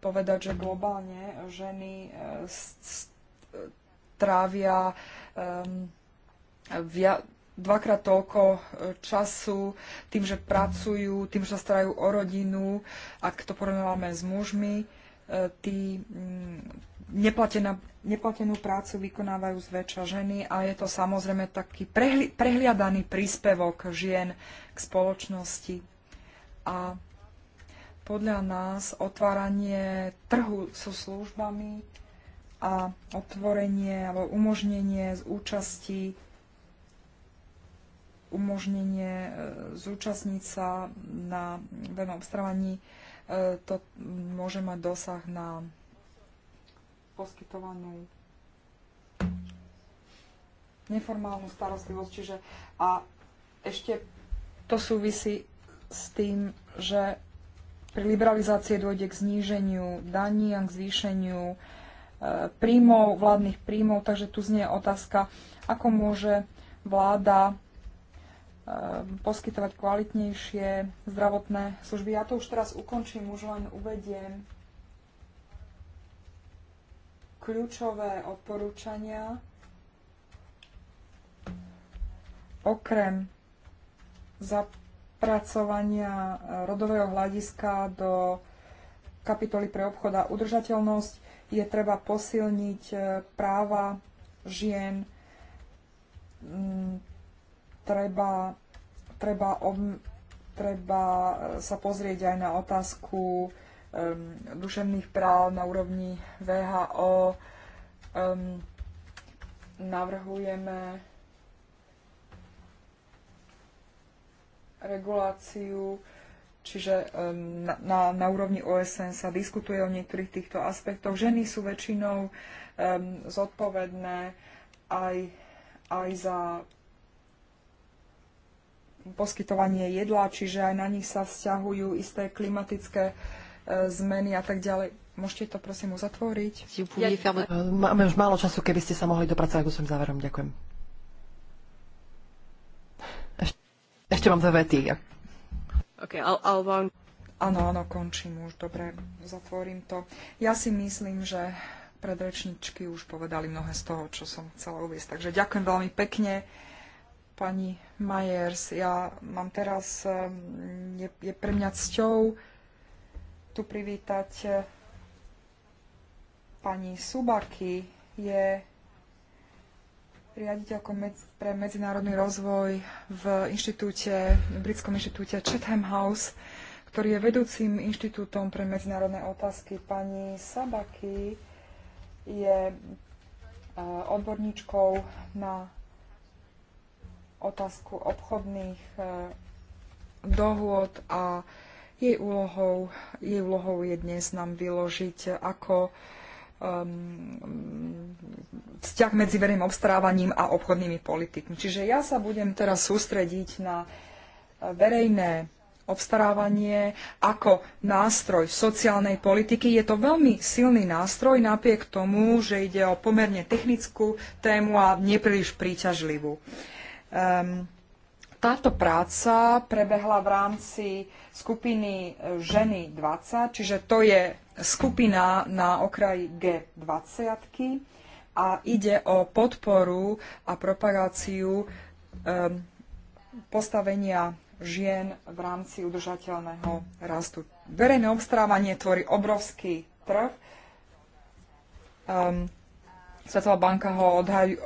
povedať, že globálne ženy eh, trávia... um, via, dvakrát toľko e, času tým, že pracujú, tým, že sa starajú o rodinu, ak to porovnávame s mužmi, e, tí mm, neplatenú prácu vykonávajú zväčša ženy a je to samozrejme taký prehli, prehliadaný príspevok žien k spoločnosti. A podľa nás otváranie trhu so službami a otvorenie alebo umožnenie z účasti umožnenie e, zúčastniť sa na verejnom obstarávaní. E, to môže mať dosah na poskytovanú neformálnu starostlivosť. Čiže a ešte to súvisí s tým, že pri liberalizácii dôjde k zníženiu daní a k zvýšeniu e, príjmov, vládnych príjmov, takže tu znie otázka, ako môže vláda Ehm, poskytovať kvalitnejšie zdravotné služby. Ja to už teraz ukončím, už len uvediem kľúčové odporúčania. Okrem zapracovania e, rodového hľadiska do kapitoly pre obchod a udržateľnosť je treba posilniť e, práva žien treba, treba, ob, treba e, sa pozrieť aj na otázku um, duševných práv na úrovni VHO. Um, navrhujeme reguláciu, čiže um, na, na, na úrovni OSN sa diskutuje o niektorých týchto aspektoch. Ženy sú väčšinou um, zodpovedné aj, aj za poskytovanie jedla, čiže aj na nich sa vzťahujú isté klimatické e, zmeny a tak ďalej. Môžete to prosím uzatvoriť? E, máme už málo času, keby ste sa mohli dopracovať k svojim záverom. Ďakujem. Ešte, mám dve vety. OK, I'll, I'll Áno, áno, končím už. Dobre, zatvorím to. Ja si myslím, že predrečničky už povedali mnohé z toho, čo som chcela uvieť. Takže ďakujem veľmi pekne pani Majers. Ja mám teraz, ehm, je, je pre mňa cťou tu privítať eh, pani Subaki Je riaditeľkou pre medzinárodný rozvoj v inštitúte, v britskom inštitúte Chatham House, ktorý je vedúcim inštitútom pre medzinárodné otázky. Pani Sabaki je eh, odborníčkou na otázku obchodných e, dohôd a jej úlohou, jej úlohou je dnes nám vyložiť, ako um, vzťah medzi verejným obstarávaním a obchodnými politikmi. Čiže ja sa budem teraz sústrediť na verejné obstarávanie ako nástroj sociálnej politiky. Je to veľmi silný nástroj napriek tomu, že ide o pomerne technickú tému a nepríliš príťažlivú. Uh, Um, táto práca prebehla v rámci skupiny e, Ženy 20, čiže to je skupina na okraji G20 a ide o podporu a propagáciu um, postavenia žien v rámci udržateľného rastu. Verejné obstarávanie tvorí obrovský trh. Um, Svetová banka ho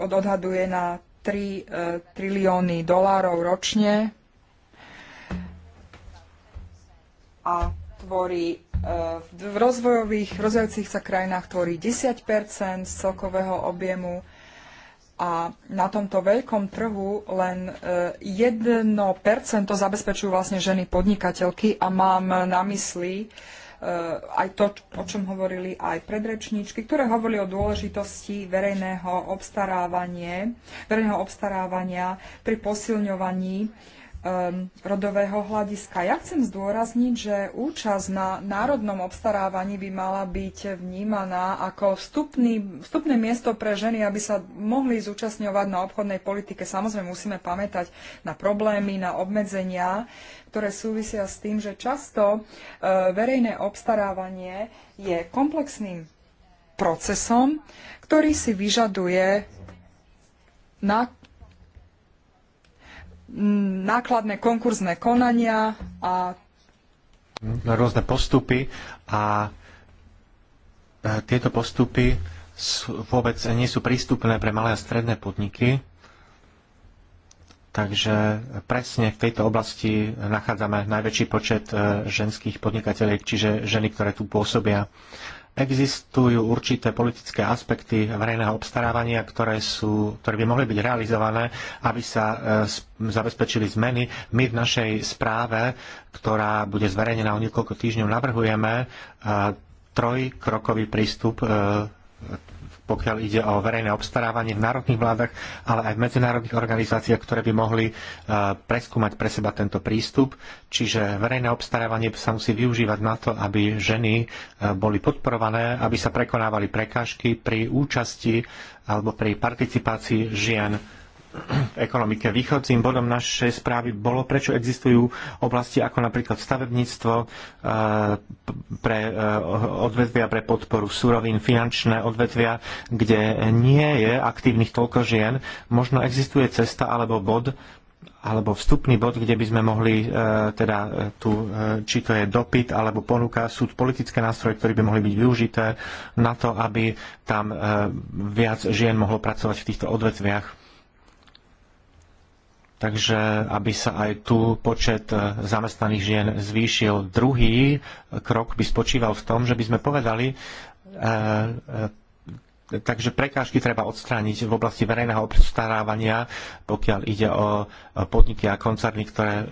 odhaduje na 3 e, trilióny dolárov ročne a tvorí e, v rozvojových, rozvojových sa krajinách tvorí 10 z celkového objemu a na tomto veľkom trhu len 1% e, zabezpečujú vlastne ženy podnikateľky a mám na mysli Eh, aj to, o čom hovorili aj predrečníčky, ktoré hovorili o dôležitosti verejného obstarávania, verejného obstarávania pri posilňovaní um, rodového hľadiska. Ja chcem zdôrazniť, že účasť na národnom obstarávaní by mala byť vnímaná ako vstupný, vstupné miesto pre ženy, aby sa mohli zúčastňovať na obchodnej politike. Samozrejme musíme pamätať na problémy, na obmedzenia, ktoré súvisia s tým, že často uh, verejné obstarávanie je komplexným procesom, ktorý si vyžaduje na nákladné konkurzné konania a rôzne postupy a e, tieto postupy vôbec nie sú prístupné pre malé a stredné podniky. Takže presne v tejto oblasti nachádzame najväčší počet e, ženských podnikateľiek, čiže ženy, ktoré tu pôsobia. Existujú určité politické aspekty verejného obstarávania, ktoré, sú, ktoré by mohli byť realizované, aby sa e, zabezpečili zmeny. My v našej správe, ktorá bude zverejnená o niekoľko týždňov, navrhujeme e, trojkrokový prístup e, pokiaľ ide o verejné obstarávanie v národných vládach, ale aj v medzinárodných organizáciách, ktoré by mohli e, preskúmať pre seba tento prístup. Čiže verejné obstarávanie sa musí využívať na to, aby ženy e, boli podporované, aby sa prekonávali prekážky pri účasti alebo pri participácii žien ekonomike. Východcím bodom našej správy bolo, prečo existujú oblasti ako napríklad stavebníctvo e, pre e, odvetvia pre podporu surovín, finančné odvetvia, kde nie je aktívnych toľko žien. Možno existuje cesta alebo bod, alebo vstupný bod, kde by sme mohli e, teda e, tu, e, či to je dopyt alebo ponuka, sú politické nástroje, ktoré by mohli byť využité na to, aby tam e, viac žien mohlo pracovať v týchto odvetviach. Takže aby sa aj tu počet e, zamestnaných žien zvýšil. Druhý e, krok by spočíval v tom, že by sme povedali e, Takže prekážky treba odstrániť v oblasti verejného obstarávania, pokiaľ ide o podniky a koncerny, ktoré e,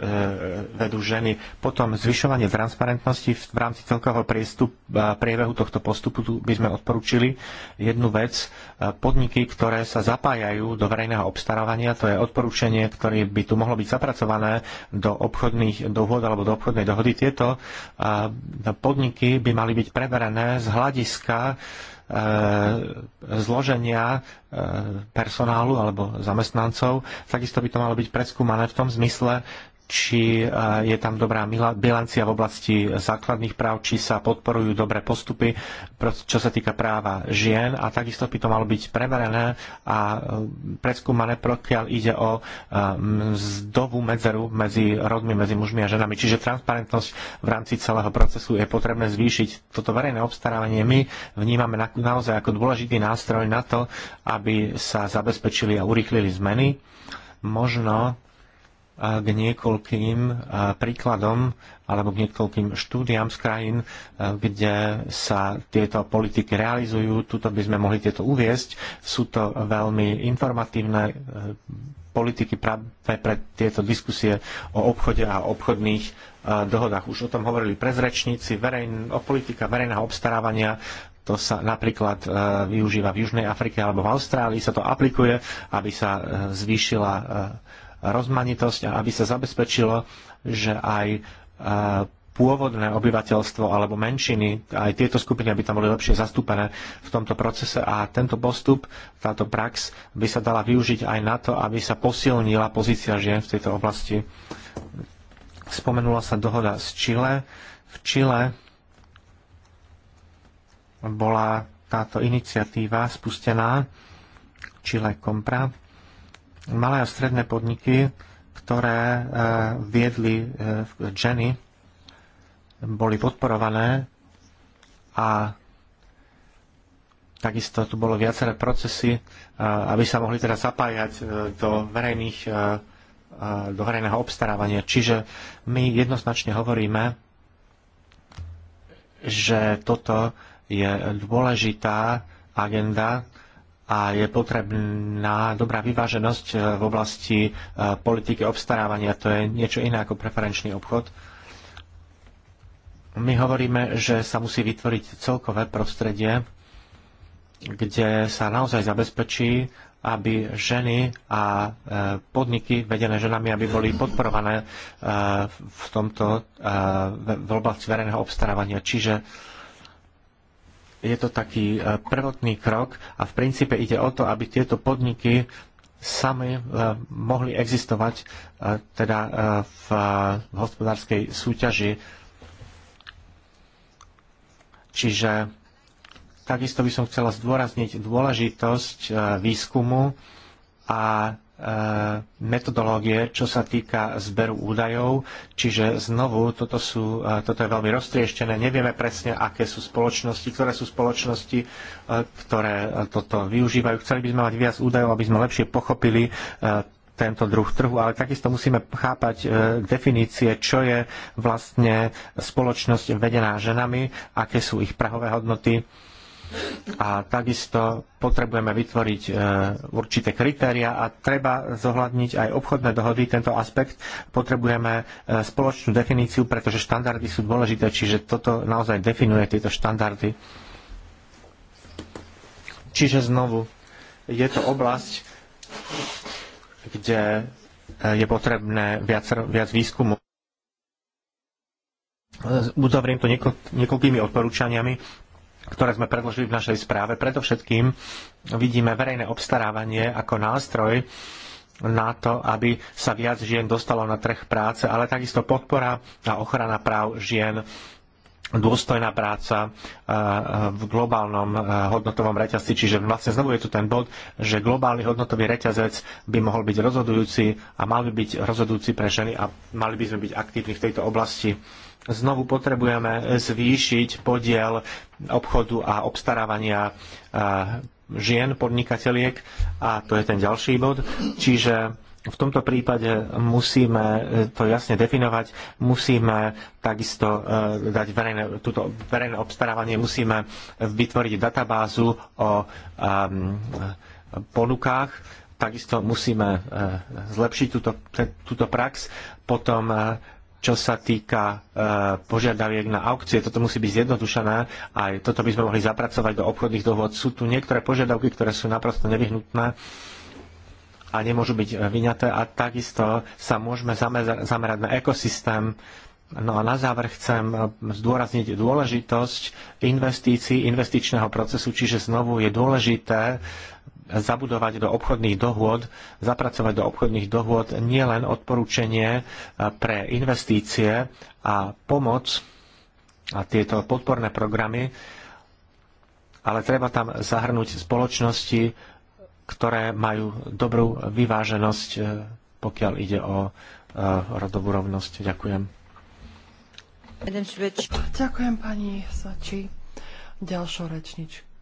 vedú ženy. Potom zvyšovanie transparentnosti v rámci celkového e, priebehu tohto postupu tu by sme odporúčili jednu vec. E, podniky, ktoré sa zapájajú do verejného obstarávania, to je odporúčanie, ktoré by tu mohlo byť zapracované do obchodných dohôd alebo do obchodnej dohody. Tieto podniky by mali byť preverené z hľadiska E, zloženia e, personálu alebo zamestnancov. Takisto by to malo byť preskúmané v tom zmysle, či je tam dobrá bilancia v oblasti základných práv, či sa podporujú dobré postupy, čo sa týka práva žien a takisto by to malo byť preverené a e, preskúmané, pokiaľ ide o e, mzdovú medzeru medzi rodmi, medzi mužmi a ženami. Čiže transparentnosť v rámci celého procesu je potrebné zvýšiť. Toto verejné obstarávanie my vnímame naozaj ako dôležitý nástroj na to, aby sa zabezpečili a urýchlili zmeny. Možno k niekoľkým príkladom alebo k niekoľkým štúdiám z krajín, e, kde sa tieto politiky realizujú. Tuto by sme mohli tieto uviesť. Sú to veľmi informatívne e, politiky práve pre tieto diskusie o obchode a obchodných e, dohodách. Už o tom hovorili prezrečníci, verejn, o politika verejného obstarávania, to sa napríklad využíva v Južnej Afrike alebo v Austrálii, sa to aplikuje, aby sa zvýšila rozmanitosť a aby sa zabezpečilo, že aj e, pôvodné obyvateľstvo alebo menšiny, aj tieto skupiny, by tam boli lepšie zastúpené v tomto procese a tento postup, táto prax by sa dala využiť aj na to, aby sa posilnila pozícia žien v tejto oblasti. Spomenula sa dohoda z Chile. V Chile bola táto iniciatíva spustená Chile Compra malé a stredné podniky, ktoré e, viedli ženy, boli podporované a takisto tu bolo viaceré procesy, e, aby sa mohli teda zapájať e, do verejných do verejného obstarávania. Čiže my jednoznačne hovoríme, že toto je dôležitá agenda a je potrebná dobrá vyváženosť eh, v oblasti eh, politiky obstarávania. To je niečo iné ako preferenčný obchod. My hovoríme, že sa musí vytvoriť celkové prostredie, kde sa naozaj zabezpečí, aby ženy a eh, podniky vedené ženami, aby boli podporované v tomto v oblasti verejného obstarávania. Čiže je to taký e, prvotný krok a v princípe ide o to, aby tieto podniky sami e, mohli existovať e, teda v hospodárskej súťaži. Čiže takisto by som chcela zdôrazniť dôležitosť výskumu a E, metodológie, čo sa týka zberu údajov. Čiže znovu, toto, sú, e, toto je veľmi roztrieštené. Nevieme presne, aké sú spoločnosti, ktoré sú spoločnosti, e, ktoré toto využívajú. Chceli by sme mať viac údajov, aby sme lepšie pochopili tento druh trhu, ale takisto musíme chápať definície, čo je vlastne spoločnosť vedená ženami, aké sú ich prahové hodnoty a takisto potrebujeme vytvoriť e, určité kritéria a treba zohľadniť aj obchodné dohody. Tento aspekt potrebujeme e, spoločnú definíciu, pretože štandardy sú dôležité, čiže toto naozaj definuje tieto štandardy. Čiže znovu, je to oblasť, kde e, je potrebné viac, viac výskumu. Uzavriem to nieko, niekoľkými odporúčaniami ktoré sme predložili v našej správe. Predovšetkým vidíme verejné obstarávanie ako nástroj na to, aby sa viac žien dostalo na trh práce, ale takisto podpora a ochrana práv žien, dôstojná práca e, e, v globálnom e, hodnotovom reťazci. Čiže vlastne znovu je tu ten bod, že globálny hodnotový reťazec by mohol byť rozhodujúci a mal by byť rozhodujúci pre ženy a mali by sme byť aktívni v tejto oblasti znovu potrebujeme zvýšiť podiel obchodu a obstarávania žien, podnikateliek a to je ten ďalší bod. Čiže v tomto prípade musíme to jasne definovať, musíme takisto e, dať verejné, túto verejné obstarávanie, musíme vytvoriť databázu o ponukách, takisto musíme e, zlepšiť túto, túto prax, potom e, čo sa týka e, požiadaviek na aukcie, toto musí byť zjednodušené, aj toto by sme mohli zapracovať do obchodných dohôd. Sú tu niektoré požiadavky, ktoré sú naprosto nevyhnutné a nemôžu byť e, vyňaté a takisto sa môžeme zamerať na ekosystém. No a na záver chcem e, zdôrazniť dôležitosť investícií, investičného procesu, čiže znovu je dôležité zabudovať do obchodných dohôd, zapracovať do obchodných dohôd nielen odporúčanie eh, pre investície a pomoc a tieto podporné programy, ale treba tam zahrnúť spoločnosti, ktoré majú dobrú vyváženosť, eh, pokiaľ ide o eh, rodovú rovnosť. Ďakujem. Ďakujem pani Sači. Ďalšou rečničkou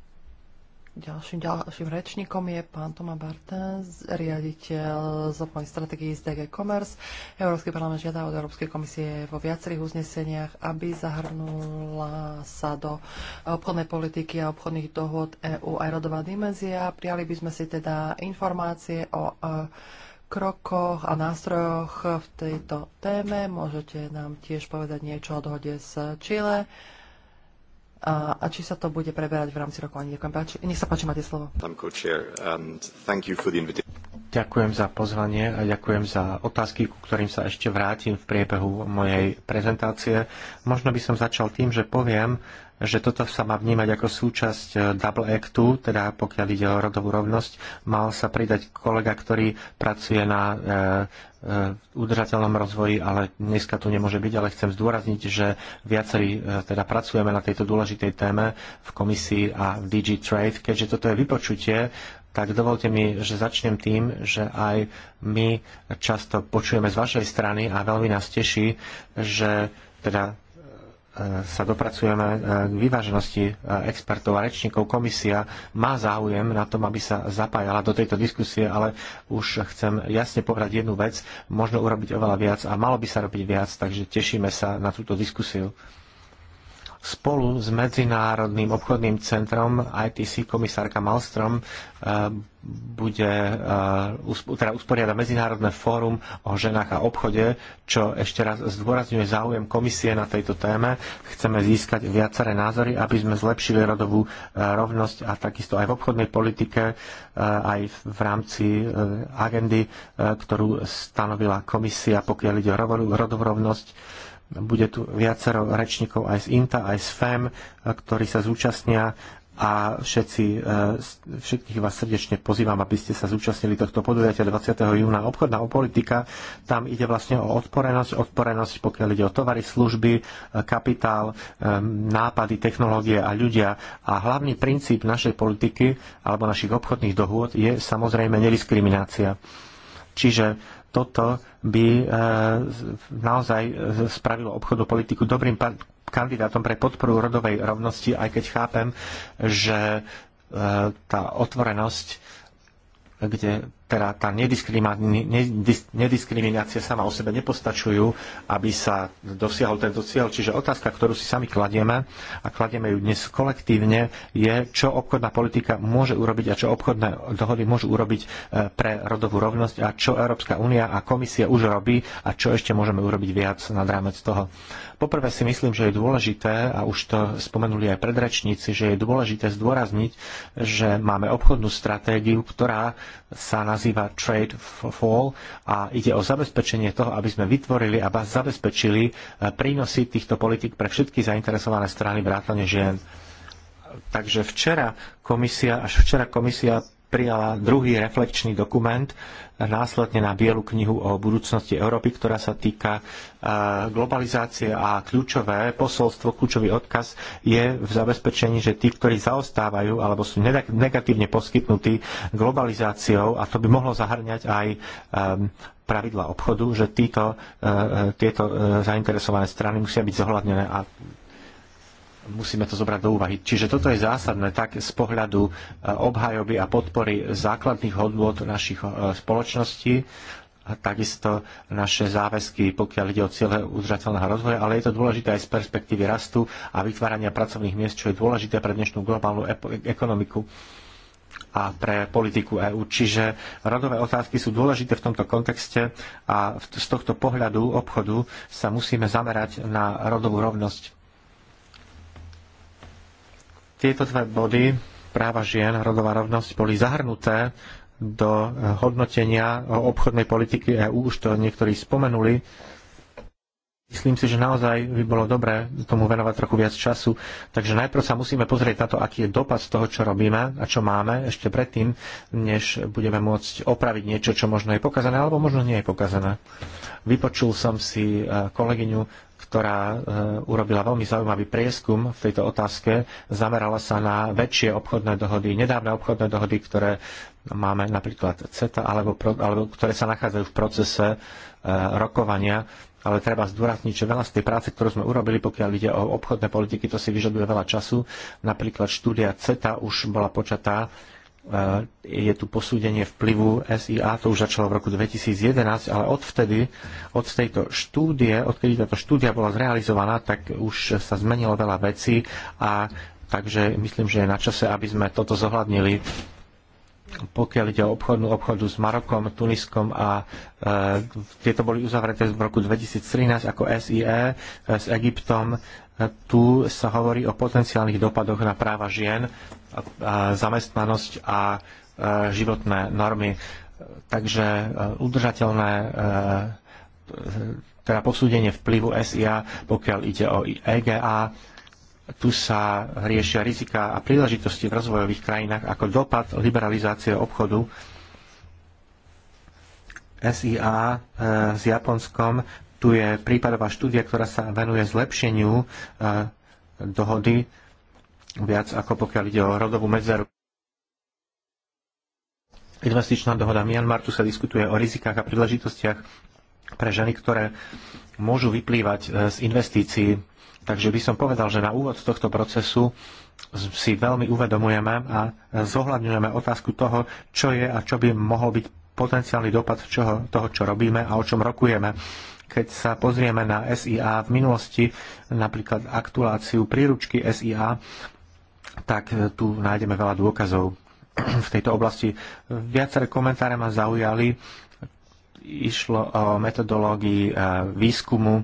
Ďalším, ďalším rečníkom je pán Toma Bartens, riaditeľ z obchodnej strategii z DG Commerce. Európsky parlament žiada od Európskej komisie vo viacerých uzneseniach, aby zahrnula sa do obchodnej politiky a obchodných dohod EÚ aj rodová dimenzia. Prijali by sme si teda informácie o e, krokoch a nástrojoch v tejto téme. Môžete nám tiež povedať niečo o dohode s Chile a, a či sa to bude preberať v rámci rokovaní. Ďakujem páči. Nech sa páči, máte slovo. Ďakujem za pozvanie a ďakujem za otázky, ku ktorým sa ešte vrátim v priebehu mojej prezentácie. Možno by som začal tým, že poviem, že toto sa má vnímať ako súčasť e, Double Actu, teda pokiaľ ide o rodovú rovnosť. Mal sa pridať kolega, ktorý pracuje na e, udržateľnom rozvoji, ale dneska tu nemôže byť, ale chcem zdôrazniť, že viacerí e, teda pracujeme na tejto dôležitej téme v komisii a v DG Trade. Keďže toto je vypočutie, tak dovolte mi, že začnem tým, že aj my často počujeme z vašej strany a veľmi nás teší, že teda sa dopracujeme e, k vyváženosti e, expertov a rečníkov. Komisia má záujem na tom, aby sa zapájala do tejto diskusie, ale už chcem jasne povedať jednu vec. Možno urobiť oveľa viac a malo by sa robiť viac, takže tešíme sa na túto diskusiu. Spolu s Medzinárodným obchodným centrom ITC komisárka Malstrom eh, bude eh, teda usporiada Medzinárodné fórum o ženách a obchode, čo ešte raz zdôrazňuje záujem komisie na tejto téme. Chceme získať viaceré názory, aby sme zlepšili rodovú eh, rovnosť a takisto aj v obchodnej politike, aj v rámci agendy, ktorú stanovila komisia, pokiaľ ide o rodovú rovnosť bude tu viacero rečníkov aj z INTA, aj z FEM, e, ktorí sa zúčastnia a všetci, e, všetkých vás srdečne pozývam, aby ste sa zúčastnili tohto podujatia 20. júna. Obchodná politika, tam ide vlastne o odporenosť, odporenosť, pokiaľ ide o tovary, služby, e, kapitál, nápady, technológie a ľudia. A hlavný princíp našej politiky alebo našich obchodných dohôd je samozrejme nediskriminácia. Čiže toto by e, naozaj e, spravilo obchodnú politiku dobrým kandidátom pre podporu rodovej rovnosti, aj keď chápem, že e, tá otvorenosť, kde teda tá nediskriminácia sama o sebe nepostačujú, aby sa dosiahol tento cieľ. Čiže otázka, ktorú si sami kladieme a kladieme ju dnes kolektívne, je, čo obchodná politika môže urobiť a čo obchodné dohody môžu urobiť e, pre rodovú rovnosť a čo Európska únia a komisia už robí a čo ešte môžeme urobiť viac nad rámec toho. Poprvé si myslím, že je dôležité, a už to spomenuli aj predrečníci, že je dôležité zdôrazniť, že máme obchodnú stratégiu, ktorá sa na nazýva Trade for Fall a ide o zabezpečenie toho, aby sme vytvorili a zabezpečili e, prínosy týchto politik pre všetky zainteresované strany vrátane žien. Takže včera komisia, až včera komisia prijala druhý reflekčný dokument následne na Bielu knihu o budúcnosti Európy, ktorá sa týka e, globalizácie a kľúčové posolstvo, kľúčový odkaz je v zabezpečení, že tí, ktorí zaostávajú alebo sú negatívne poskytnutí globalizáciou, a to by mohlo zahrňať aj pravidla obchodu, že títo, e, e, tieto zainteresované strany musia byť zohľadnené a musíme to zobrať do úvahy. Čiže toto je zásadné tak z pohľadu e, obhajoby a podpory základných hodnôt našich e, spoločností a takisto naše záväzky, pokiaľ ide o cieľe udržateľného rozvoja, ale je to dôležité aj z perspektívy rastu a vytvárania pracovných miest, čo je dôležité pre dnešnú globálnu ekonomiku a pre politiku EÚ. Čiže rodové otázky sú dôležité v tomto kontexte a z tohto pohľadu obchodu sa musíme zamerať na rodovú rovnosť tieto dva body, práva žien a rodová rovnosť, boli zahrnuté do eh, hodnotenia o obchodnej politiky EÚ, už to niektorí spomenuli. Myslím si, že naozaj by bolo dobré tomu venovať trochu viac času. Takže najprv sa musíme pozrieť na to, aký je dopad z toho, čo robíme a čo máme ešte predtým, než budeme môcť opraviť niečo, čo možno je pokazané, alebo možno nie je pokazané. Vypočul som si eh, kolegyňu ktorá e, urobila veľmi zaujímavý prieskum v tejto otázke, zamerala sa na väčšie obchodné dohody, nedávne obchodné dohody, ktoré máme napríklad CETA, alebo, alebo ktoré sa nachádzajú v procese e, rokovania. Ale treba zdôrazniť, že veľa z tej práce, ktorú sme urobili, pokiaľ ide o obchodné politiky, to si vyžaduje veľa času. Napríklad štúdia CETA už bola počatá E, je tu posúdenie vplyvu SIA, to už začalo v roku 2011, ale odvtedy, od tejto štúdie, odkedy táto štúdia bola zrealizovaná, tak už sa zmenilo veľa vecí a takže myslím, že je na čase, aby sme toto zohľadnili pokiaľ ide o obchodnú obchodu s Marokom, Tuniskom a e, tieto boli uzavreté v roku 2013 ako SIE e, s Egyptom. E, tu sa hovorí o potenciálnych dopadoch na práva žien, a, e, a zamestnanosť a e, životné normy. Takže e, udržateľné e, e teda posúdenie vplyvu SIA, pokiaľ ide o EGA, tu sa riešia rizika a príležitosti v rozvojových krajinách ako dopad liberalizácie obchodu SIA e, s Japonskom. Tu je prípadová štúdia, ktorá sa venuje zlepšeniu e, dohody viac ako pokiaľ ide o rodovú medzeru. Investičná dohoda Myanmar, tu sa diskutuje o rizikách a príležitostiach pre ženy, ktoré môžu vyplývať e, z investícií Takže by som povedal, že na úvod tohto procesu si veľmi uvedomujeme a zohľadňujeme otázku toho, čo je a čo by mohol byť potenciálny dopad čoho, toho, čo robíme a o čom rokujeme. Keď sa pozrieme na SIA v minulosti, napríklad aktuáciu príručky SIA, tak tu nájdeme veľa dôkazov v tejto oblasti. Viaceré komentáre ma zaujali. Išlo o metodológii eh, výskumu,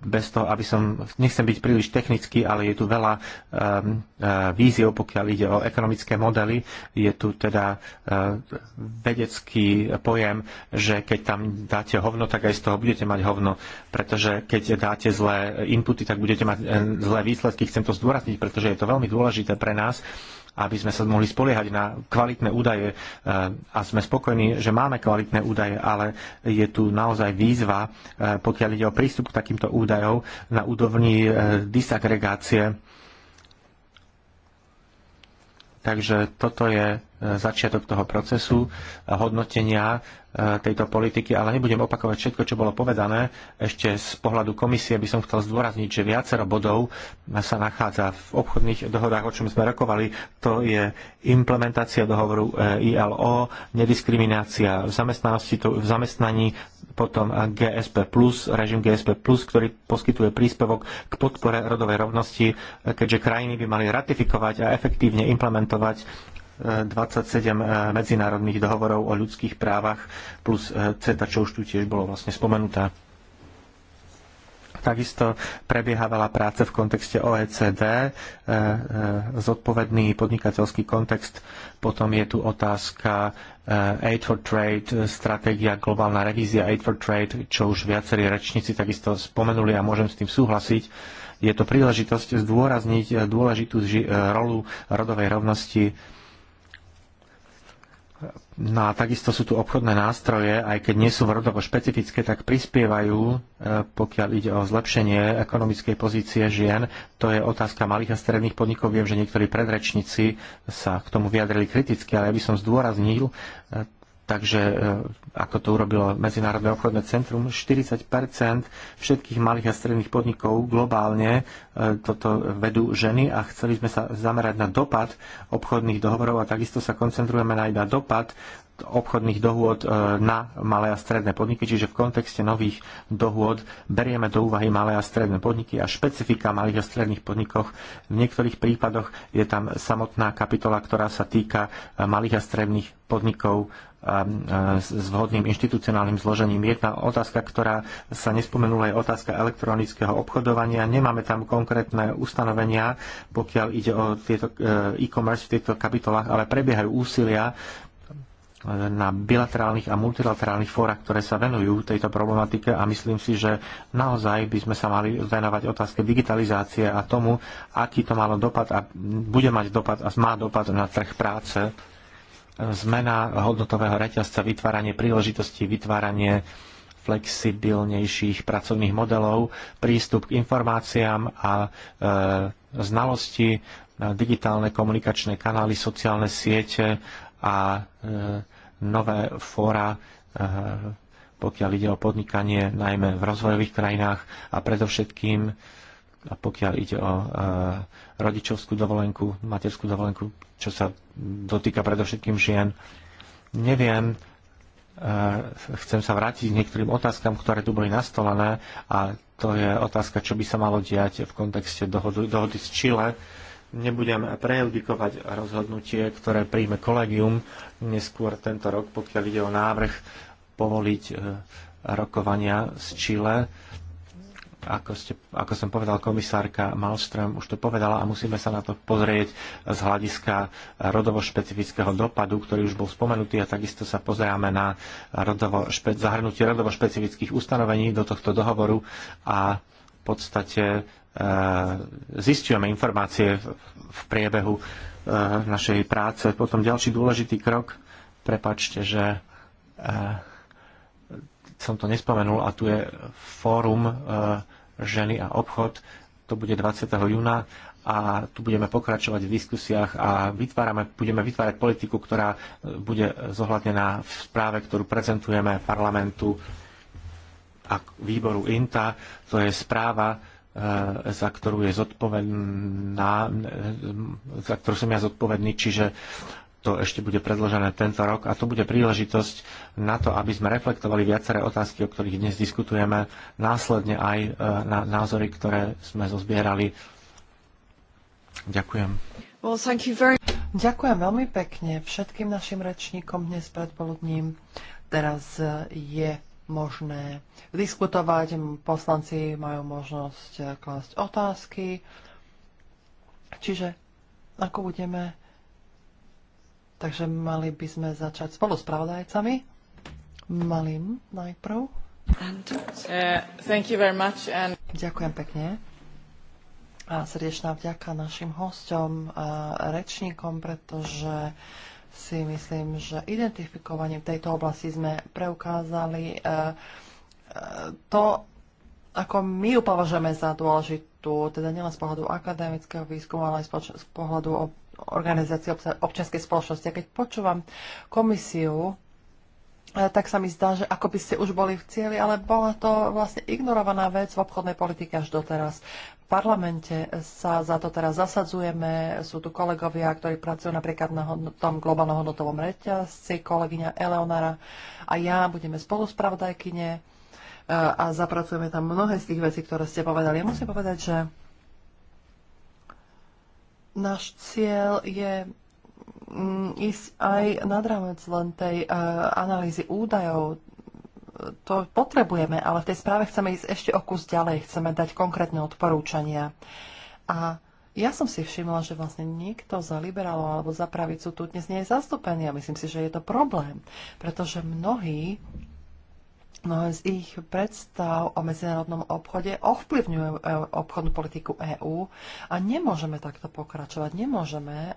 bez toho, aby som, nechcem byť príliš technický, ale je tu veľa um, uh, víziev, pokiaľ ide o ekonomické modely. Je tu teda uh, vedecký pojem, že keď tam dáte hovno, tak aj z toho budete mať hovno, pretože keď dáte zlé inputy, tak budete mať eh, zlé výsledky. Chcem to zdôrazniť, pretože je to veľmi dôležité pre nás aby sme sa mohli spoliehať na kvalitné údaje e, a sme spokojní, že máme kvalitné údaje, ale je tu naozaj výzva, e, pokiaľ ide o prístup k takýmto údajom na úrovni e, disagregácie Takže toto je E, začiatok toho procesu hodnotenia e, tejto politiky, ale nebudem opakovať všetko, čo bolo povedané. Ešte z pohľadu komisie by som chcel zdôrazniť, že viacero bodov sa nachádza v obchodných dohodách, o čom sme rokovali. To je implementácia dohovoru e, ILO, nediskriminácia v zamestnanosti, v zamestnaní, potom GSP+, režim GSP+, ktorý poskytuje príspevok k podpore rodovej rovnosti, keďže krajiny by mali ratifikovať a efektívne implementovať 27 eh, medzinárodných dohovorov o ľudských právach plus eh, CETA, čo už tu tiež bolo vlastne spomenutá. Takisto prebieha veľa práce v kontexte OECD, eh, zodpovedný podnikateľský kontext, potom je tu otázka Aid for Trade, stratégia globálna revízia Aid for Trade, čo už viacerí rečníci takisto spomenuli a môžem s tým súhlasiť. Je to príležitosť zdôrazniť dôležitú rolu rodovej rovnosti No a takisto sú tu obchodné nástroje, aj keď nie sú rodovo špecifické, tak prispievajú, e, pokiaľ ide o zlepšenie ekonomickej pozície žien. To je otázka malých a stredných podnikov. Viem, že niektorí predrečníci sa k tomu vyjadrili kriticky, ale ja by som zdôraznil e, Takže e, ako to urobilo Medzinárodné obchodné centrum, 40 všetkých malých a stredných podnikov globálne e, toto vedú ženy a chceli sme sa zamerať na dopad obchodných dohovorov a takisto sa koncentrujeme aj na dopad obchodných dohôd e, na malé a stredné podniky, čiže v kontexte nových dohôd berieme do úvahy malé a stredné podniky a špecifika malých a stredných podnikoch. V niektorých prípadoch je tam samotná kapitola, ktorá sa týka malých a stredných podnikov s vhodným inštitucionálnym zložením. Jedna otázka, ktorá sa nespomenula, je otázka elektronického obchodovania. Nemáme tam konkrétne ustanovenia, pokiaľ ide o tieto e, e-commerce v týchto kapitolách, ale prebiehajú úsilia e, na bilaterálnych a multilaterálnych fórach, ktoré sa venujú tejto problematike a myslím si, že naozaj by sme sa mali venovať otázke digitalizácie a tomu, aký to malo dopad a bude mať dopad a má dopad na trh práce zmena hodnotového reťazca, vytváranie príležitostí, vytváranie flexibilnejších pracovných modelov, prístup k informáciám a e, znalosti, digitálne komunikačné kanály, sociálne siete a e, nové fóra, e, pokiaľ ide o podnikanie, najmä v rozvojových krajinách a predovšetkým a pokiaľ ide o e, rodičovskú dovolenku, materskú dovolenku, čo sa dotýka predovšetkým žien, neviem, e, chcem sa vrátiť k niektorým otázkam, ktoré tu boli nastolené a to je otázka, čo by sa malo diať v kontexte dohody, dohody s Chile. Nebudem prejudikovať rozhodnutie, ktoré príjme kolegium neskôr tento rok, pokiaľ ide o návrh povoliť e, rokovania z Chile. Ako, ste, ako som povedal, komisárka Malström už to povedala a musíme sa na to pozrieť z hľadiska rodovo špecifického dopadu, ktorý už bol spomenutý a takisto sa pozeráme na rodovo špe, zahrnutie rodovo špecifických ustanovení do tohto dohovoru a v podstate e, zistujeme informácie v, v priebehu e, našej práce. Potom ďalší dôležitý krok, prepačte, že e, som to nespomenul a tu je fórum e, ženy a obchod. To bude 20. júna a tu budeme pokračovať v diskusiách a vytvárame, budeme vytvárať politiku, ktorá e, bude zohľadnená v správe, ktorú prezentujeme parlamentu a výboru INTA. To je správa, e, za ktorú je zodpovedná, za ktorú som ja zodpovedný, čiže to ešte bude predložené tento rok a to bude príležitosť na to, aby sme reflektovali viaceré otázky, o ktorých dnes diskutujeme, následne aj e, na názory, ktoré sme zozbierali. Ďakujem. Well, thank you very... Ďakujem veľmi pekne všetkým našim rečníkom dnes predpoludním. Teraz e, je možné diskutovať, poslanci majú možnosť e, klásť otázky. Čiže ako budeme Takže mali by sme začať spolu s pravodajcami. Malým najprv. Uh, Ďakujem pekne. A srdečná vďaka našim hosťom a rečníkom, pretože si myslím, že identifikovaním tejto oblasti sme preukázali uh, uh, to, ako my ju považujeme za dôležitú, teda nielen z pohľadu akademického výskumu, ale aj z pohľadu organizácie občianskej spoločnosti. A keď počúvam komisiu, e, tak sa mi zdá, že ako by ste už boli v cieli, ale bola to vlastne ignorovaná vec v obchodnej politike až doteraz. V parlamente sa za to teraz zasadzujeme, sú tu kolegovia, ktorí pracujú napríklad na tom globálnom hodnotovom reťazci, kolegyňa Eleonara a ja budeme spolu spravodajkyne e, a zapracujeme tam mnohé z tých vecí, ktoré ste povedali. Ja musím povedať, že náš cieľ je mm, ísť aj nad rámec len tej eh, analýzy údajov. To potrebujeme, ale v tej správe chceme ísť ešte o kus ďalej, chceme dať konkrétne odporúčania. A ja som si všimla, že vlastne nikto za liberálov alebo za pravicu tu dnes nie je zastúpený a myslím si, že je to problém, pretože mnohí mnohé z ich predstav o medzinárodnom obchode ovplyvňujú e, obchodnú politiku EÚ a nemôžeme takto pokračovať, nemôžeme e,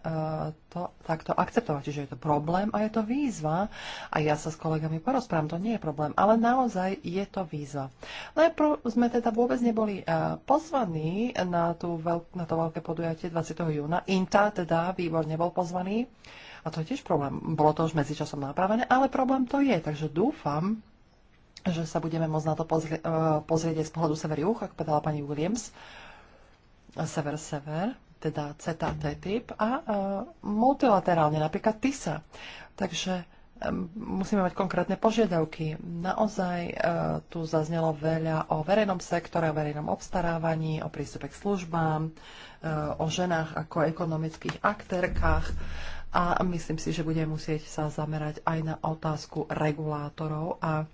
to takto akceptovať. Čiže je to problém a je to výzva a ja sa s kolegami porozprávam, to nie je problém, ale naozaj je to výzva. Najprv sme teda vôbec neboli e, pozvaní na, tú veľk- na to veľké podujatie 20. júna. INTA teda výbor nebol pozvaný a to je tiež problém. Bolo to už medzičasom napravené, ale problém to je, takže dúfam, že sa budeme môcť na to pozrie, e, pozrieť aj z pohľadu sever-juh, ako povedala pani Williams, sever-sever, teda CETA, TTIP a e, multilaterálne, napríklad TISA. Takže e, musíme mať konkrétne požiadavky. Naozaj tu zaznelo veľa o verejnom sektore, o verejnom obstarávaní, o prístupe k službám, o ženách ako ekonomických aktérkach a myslím si, že budeme musieť sa zamerať aj na otázku regulátorov a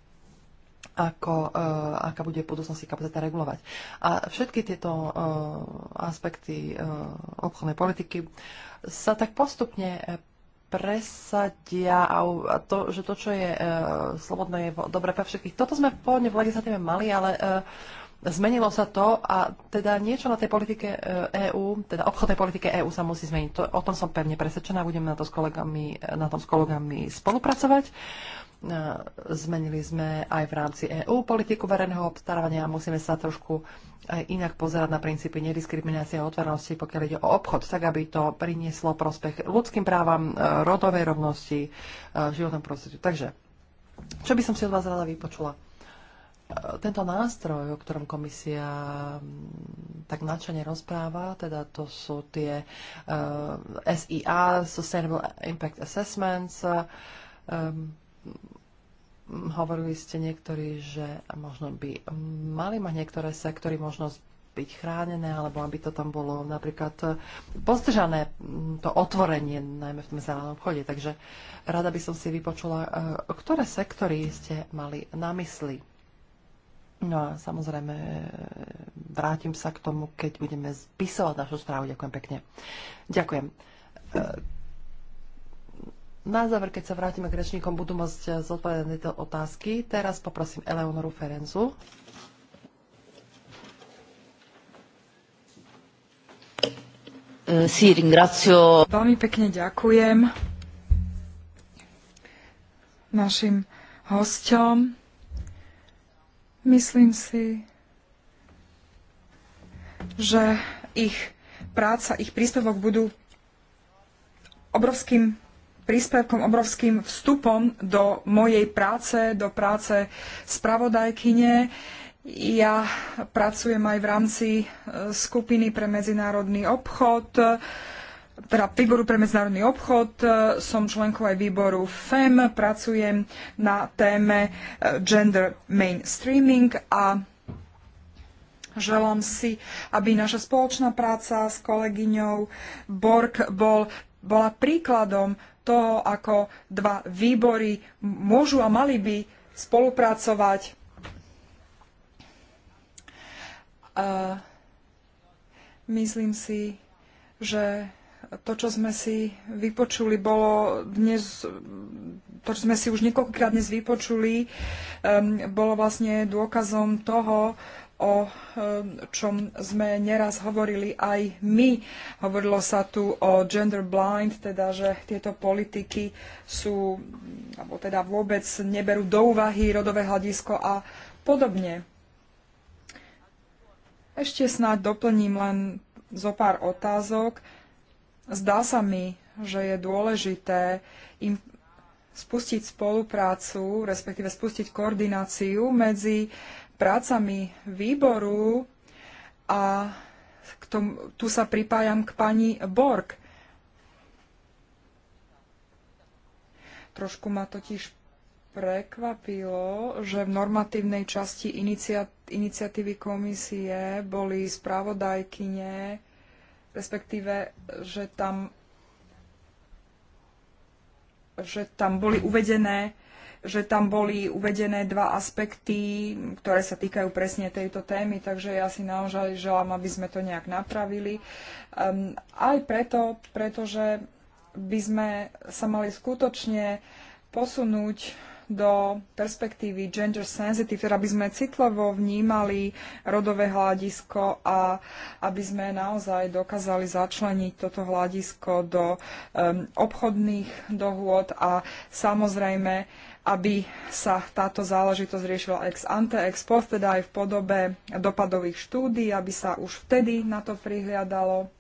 ako, uh, aká bude v budúcnosti kapacita regulovať. A všetky tieto uh, aspekty uh, obchodnej politiky sa tak postupne presadia a to, že to, čo je uh, slobodné, je dobre pre všetkých. Toto sme pôvodne v legislatíve mali, ale uh, Zmenilo sa to a teda niečo na tej politike EÚ, teda obchodnej politike EÚ sa musí zmeniť. To, o tom som pevne presvedčená, budeme na, to s kolegami, na tom s kolegami spolupracovať. Uh, E, zmenili sme aj v rámci EÚ politiku verejného obstarávania a musíme sa trošku inak pozerať na princípy nediskriminácie a otvorenosti, pokiaľ ide o obchod, tak aby to prinieslo prospech ľudským právam, e, rodovej rovnosti, e, životnom prostrediu. Takže, čo by som si od vás rada vypočula? Tento nástroj, o ktorom komisia mm, tak nadšene rozpráva, teda to sú tie uh, SIA, Sustainable Impact Assessments, um, hovorili ste niektorí, že možno by mali mať niektoré sektory možnosť byť chránené, alebo aby to tam bolo napríklad postržané to otvorenie, najmä v tom zelenom obchode. Takže rada by som si vypočula, e, ktoré sektory ste mali na mysli. No a samozrejme, e, vrátim sa k tomu, keď budeme spisovať našu správu. Ďakujem pekne. Ďakujem. E, na záver, keď sa vrátime k rečníkom, budú môcť eh, zodpovedať tieto otázky. Teraz poprosím Eleonoru Ferenzu. Eh, Veľmi pekne ďakujem našim hosťom. Myslím si, že ich práca, ich príspevok budú obrovským príspevkom, obrovským vstupom do mojej práce, do práce spravodajkyne. Ja pracujem aj v rámci e, skupiny pre medzinárodný obchod, teda výboru pre medzinárodný obchod, e, som členkou aj výboru FEM, pracujem na téme e, gender mainstreaming a želám si, aby naša spoločná práca s kolegyňou Borg bol, bola príkladom toho, ako dva výbory môžu a mali by spolupracovať. A myslím si, že to, čo sme si vypočuli, bolo dnes, to, čo sme si už niekoľkokrát dnes vypočuli, um, bolo vlastne dôkazom toho, o eh, čom sme neraz hovorili aj my. Hovorilo sa tu o gender blind, teda že tieto politiky sú, alebo teda vôbec neberú do úvahy rodové hľadisko a podobne. Ešte snáď doplním len zo pár otázok. Zdá sa mi, že je dôležité im spustiť spoluprácu, respektíve spustiť koordináciu medzi prácami výboru a k tomu, tu sa pripájam k pani Borg. Trošku ma totiž prekvapilo, že v normatívnej časti iniciat iniciatívy komisie boli správodajkyne, respektíve, že tam, že tam boli uvedené že tam boli uvedené dva aspekty, ktoré sa týkajú presne tejto témy, takže ja si naozaj želám, aby sme to nejak napravili. Um, aj preto, pretože by sme sa mali skutočne posunúť do perspektívy gender sensitive, teda aby sme citlivo vnímali rodové hľadisko a aby sme naozaj dokázali začleniť toto hľadisko do um, obchodných dohôd a samozrejme aby sa táto záležitosť riešila ex ante, ex post, teda aj v podobe dopadových štúdí, aby sa už vtedy na to prihliadalo.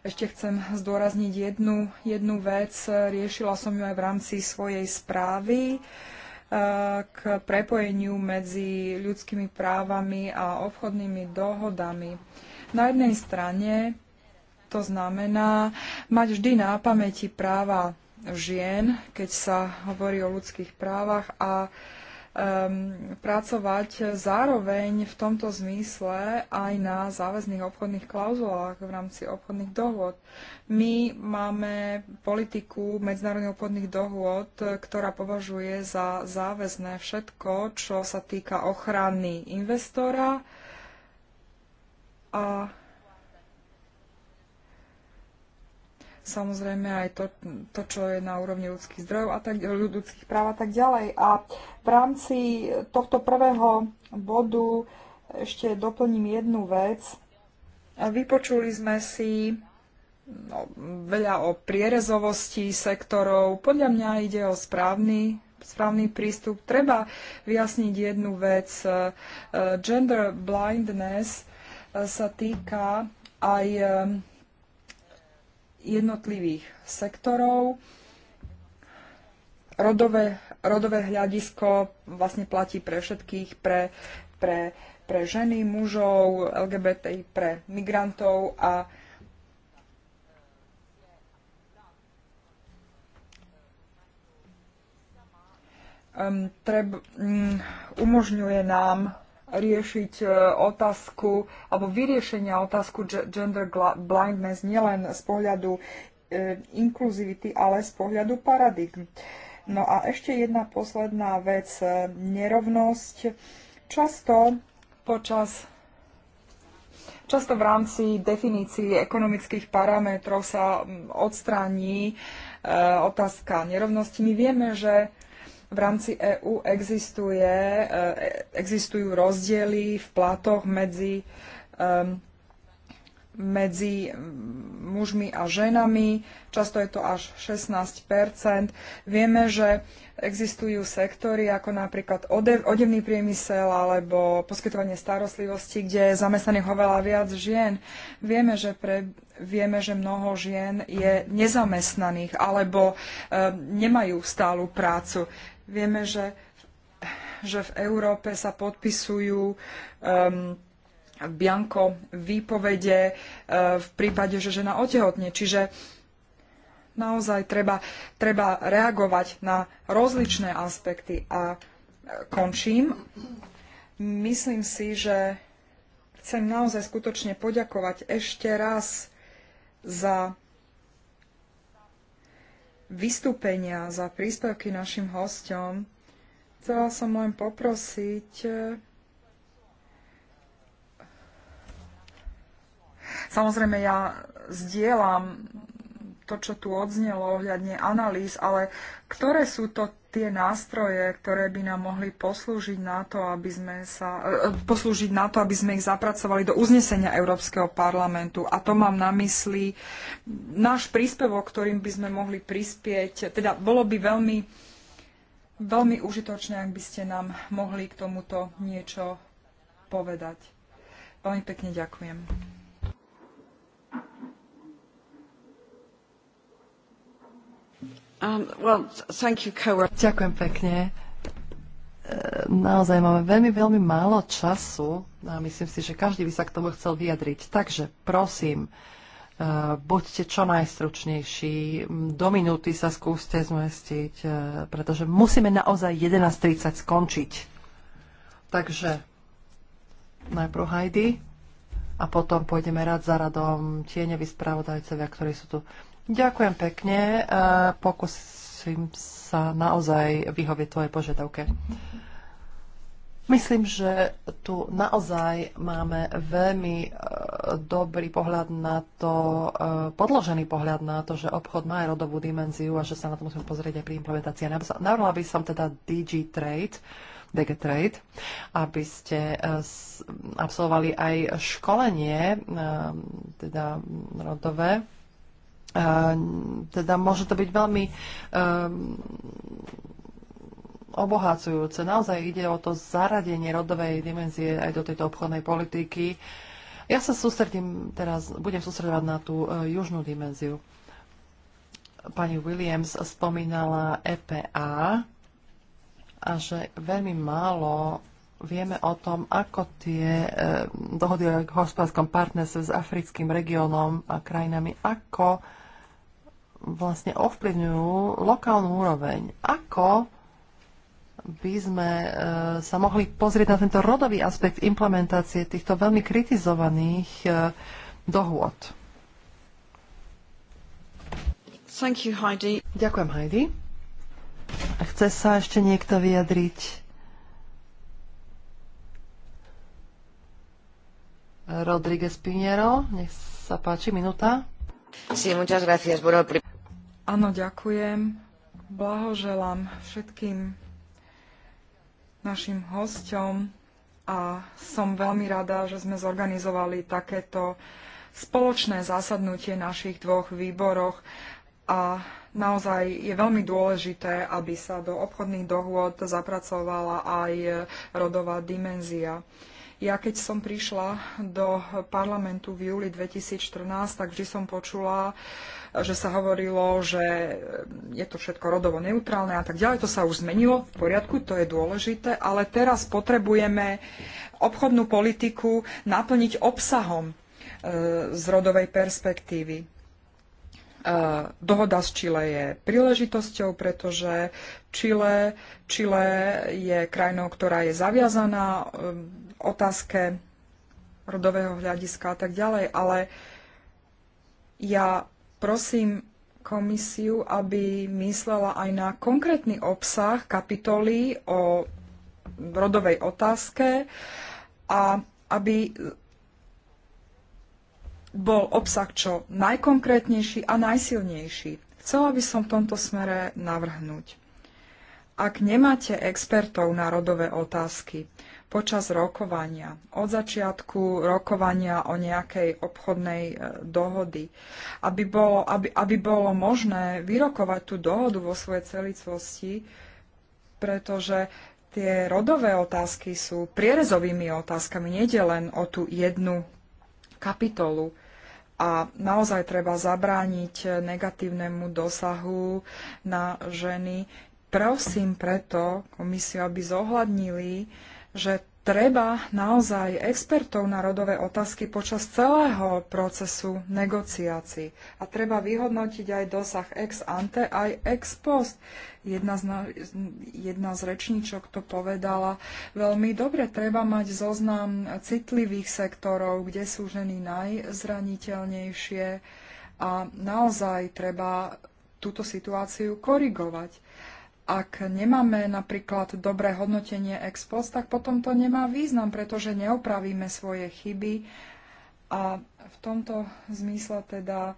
Ešte chcem zdôrazniť jednu, jednu vec. Riešila som ju aj v rámci svojej správy e, k prepojeniu medzi ľudskými právami a obchodnými dohodami. Na jednej strane to znamená mať vždy na pamäti práva žien, keď sa hovorí o ľudských právach a um, pracovať zároveň v tomto zmysle aj na záväzných obchodných klauzulách v rámci obchodných dohôd. My máme politiku medzinárodných obchodných dohôd, ktorá považuje za záväzné všetko, čo sa týka ochrany investora a samozrejme aj to, to čo je na úrovni ľudských zdrojov a tak ľudských práv a tak ďalej. A v rámci tohto prvého bodu ešte doplním jednu vec. Vypočuli sme si no, veľa o prierezovosti sektorov. Podľa mňa ide o správny správny prístup. Treba vyjasniť jednu vec. E, gender blindness e, sa týka aj e, jednotlivých sektorov. Rodové, rodové hľadisko vlastne platí pre všetkých, pre, pre, pre ženy, mužov, LGBT, pre migrantov a um, treb, um, umožňuje nám riešiť e, otázku alebo vyriešenia otázku gender blindness nielen z pohľadu e, inkluzivity, ale z pohľadu paradigm. No a ešte jedna posledná vec, e, nerovnosť. Často počas Často v rámci definícií ekonomických parametrov sa odstráni otázka nerovnosti. My vieme, že v rámci EÚ existuje, e, existujú rozdiely v platoch medzi, medzi mužmi a ženami. Často je to až 16 Vieme, že existujú sektory ako napríklad odevný priemysel alebo poskytovanie starostlivosti, kde je zamestnaných oveľa viac žien. Vieme, že, pre, vieme, že mnoho žien je nezamestnaných alebo e, nemajú stálu prácu. Vieme, že, že v Európe sa podpisujú um, bianko výpovede uh, v prípade, že žena otehotne. Čiže naozaj treba, treba reagovať na rozličné aspekty. A uh, končím. Myslím si, že chcem naozaj skutočne poďakovať ešte raz za vystúpenia, za príspevky našim hostom. Chcela som len poprosiť e, Samozrejme, ja zdieľam to, čo tu odznelo ohľadne analýz, ale ktoré sú to tie nástroje, ktoré by nám mohli poslúžiť na to, aby sme, sa, e, poslúžiť na to, aby sme ich zapracovali do uznesenia Európskeho parlamentu. A to mám na mysli náš príspevok, ktorým by sme mohli prispieť. Teda bolo by veľmi, veľmi užitočné, ak by ste nám mohli k tomuto niečo povedať. Veľmi pekne ďakujem. Um, Ďakujem pekne. E, naozaj máme veľmi, veľmi málo času a myslím si, že každý by sa k tomu chcel vyjadriť. Takže prosím, e, buďte čo najstručnejší, do minúty sa skúste zmestiť, e, pretože musíme naozaj 11.30 skončiť. Takže najprv Heidi a potom pôjdeme rad za radom tie nevyspravodajcevia, ktorí sú tu. Ďakujem pekne. Pokúsim sa naozaj vyhovieť tvojej požiadavke. Myslím, že tu naozaj máme veľmi e, dobrý pohľad na to, e, podložený pohľad na to, že obchod má aj rodovú dimenziu a že sa na to musíme pozrieť aj pri implementácii. Navrhla by som teda DG Trade, DG Trade, aby ste e, absolvovali aj školenie, teda rodové, teda môže to byť veľmi um, obohacujúce. Naozaj ide o to zaradenie rodovej dimenzie aj do tejto obchodnej politiky. Ja sa sústredím teraz, budem sústredovať na tú uh, južnú dimenziu. Pani Williams spomínala EPA a že veľmi málo vieme o tom, ako tie e, dohody o hospodárskom partnerstve s africkým regiónom a krajinami, ako e, vlastne ovplyvňujú lokálnu úroveň. Ako by sme e, sa mohli pozrieť na tento rodový aspekt implementácie týchto veľmi kritizovaných e, dohôd? Thank you, Heidi. Ďakujem, Heidi. Chce sa ešte niekto vyjadriť? Rodríguez Piñero, nech sa páči, minúta. Sí, muchas gracias. Bueno, Áno, ďakujem. Blahoželám všetkým našim hosťom a som veľmi rada, že sme zorganizovali takéto spoločné zasadnutie našich dvoch výboroch a naozaj je veľmi dôležité, aby sa do obchodných dohôd zapracovala aj rodová dimenzia. Ja keď som prišla do parlamentu v júli 2014, tak vždy som počula, že sa hovorilo, že je to všetko rodovo neutrálne a tak ďalej. To sa už zmenilo, v poriadku, to je dôležité, ale teraz potrebujeme obchodnú politiku naplniť obsahom e, z rodovej perspektívy e, dohoda s Čile je príležitosťou, pretože Čile, Čile je krajinou, ktorá je zaviazaná e, otázke rodového hľadiska a tak ďalej, ale ja prosím komisiu, aby myslela aj na konkrétny obsah kapitoly o rodovej otázke a aby bol obsah čo najkonkrétnejší a najsilnejší. Chcela by som v tomto smere navrhnúť. Ak nemáte expertov na rodové otázky, počas rokovania, od začiatku rokovania o nejakej obchodnej e, dohody, aby bolo, aby, aby bolo možné vyrokovať tú dohodu vo svojej celicosti, pretože tie rodové otázky sú prierezovými otázkami, nejde len o tú jednu kapitolu. A naozaj treba zabrániť negatívnemu dosahu na ženy. Prosím preto komisiu, aby zohľadnili uh, že treba naozaj expertov na rodové otázky počas celého procesu negociácií. A treba vyhodnotiť aj dosah ex ante, aj ex post. Jedna z, no- jedna z rečníčok to povedala veľmi dobre. Treba mať zoznam citlivých sektorov, kde sú ženy najzraniteľnejšie a naozaj treba túto situáciu korigovať. Ak nemáme napríklad dobré hodnotenie ex post, tak potom to nemá význam, pretože neopravíme svoje chyby. A v tomto zmysle teda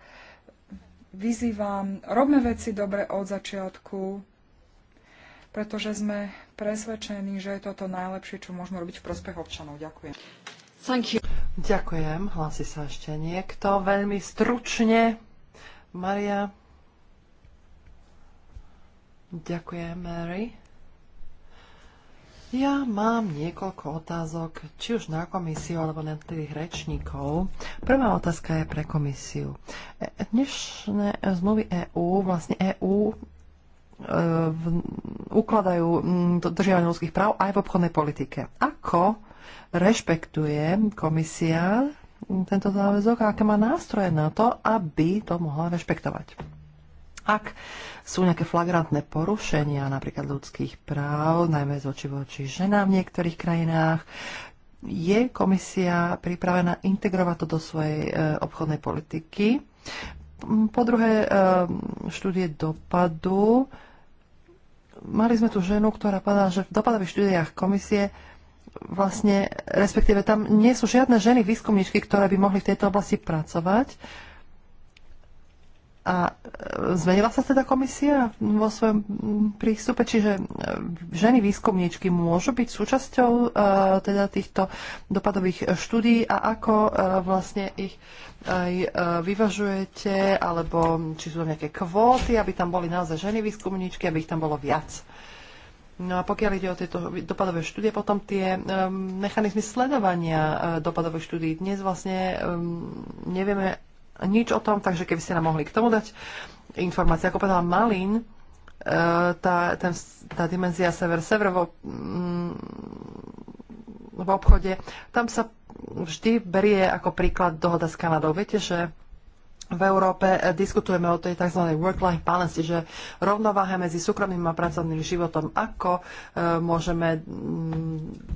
vyzývam, robme veci dobre od začiatku, pretože sme presvedčení, že je toto najlepšie, čo môžeme robiť v prospech občanov. Ďakujem. Thank you. Ďakujem. Hlási sa ešte niekto. Veľmi stručne. Maria. Ďakujem, Mary. Ja mám niekoľko otázok, či už na komisiu alebo na tých rečníkov. Prvá otázka je pre komisiu. E, dnešné zmluvy EÚ, vlastne EÚ e, ukladajú dodržiavanie ľudských práv aj v obchodnej politike. Ako rešpektuje komisia tento záväzok a aké má nástroje na to, aby to mohla rešpektovať? Ak sú nejaké flagrantné porušenia napríklad ľudských práv, najmä z oči voči ženám v niektorých krajinách, je komisia pripravená integrovať to do svojej e, obchodnej politiky? Mm, po druhé, e, štúdie dopadu. Mali sme tu ženu, ktorá povedala, že v dopadových štúdiách komisie vlastne, respektíve tam nie sú žiadne ženy výskumníčky, ktoré by mohli v tejto oblasti pracovať. A e, zmenila sa teda komisia vo svojom prístupe, čiže e, ženy výskumníčky môžu byť súčasťou uh, teda týchto dopadových štúdí a ako uh, vlastne ich aj uh, vyvažujete, alebo či sú tam nejaké kvóty, aby tam boli naozaj ženy výskumníčky, aby ich tam bolo viac. No a pokiaľ ide o tieto dopadové štúdie, potom tie um, mechanizmy sledovania uh, dopadových štúdí. Dnes vlastne um, nevieme nič o tom, takže keby ste nám mohli k tomu dať informácie. Ako povedala Malin, e, tá, ten, tá dimenzia sever-sever vo, mm, v obchode, tam sa vždy berie ako príklad dohoda s Kanadou. Viete, že v Európe e, diskutujeme o tej tzv. work-life balance, že rovnováha medzi súkromným a pracovným životom, ako e, môžeme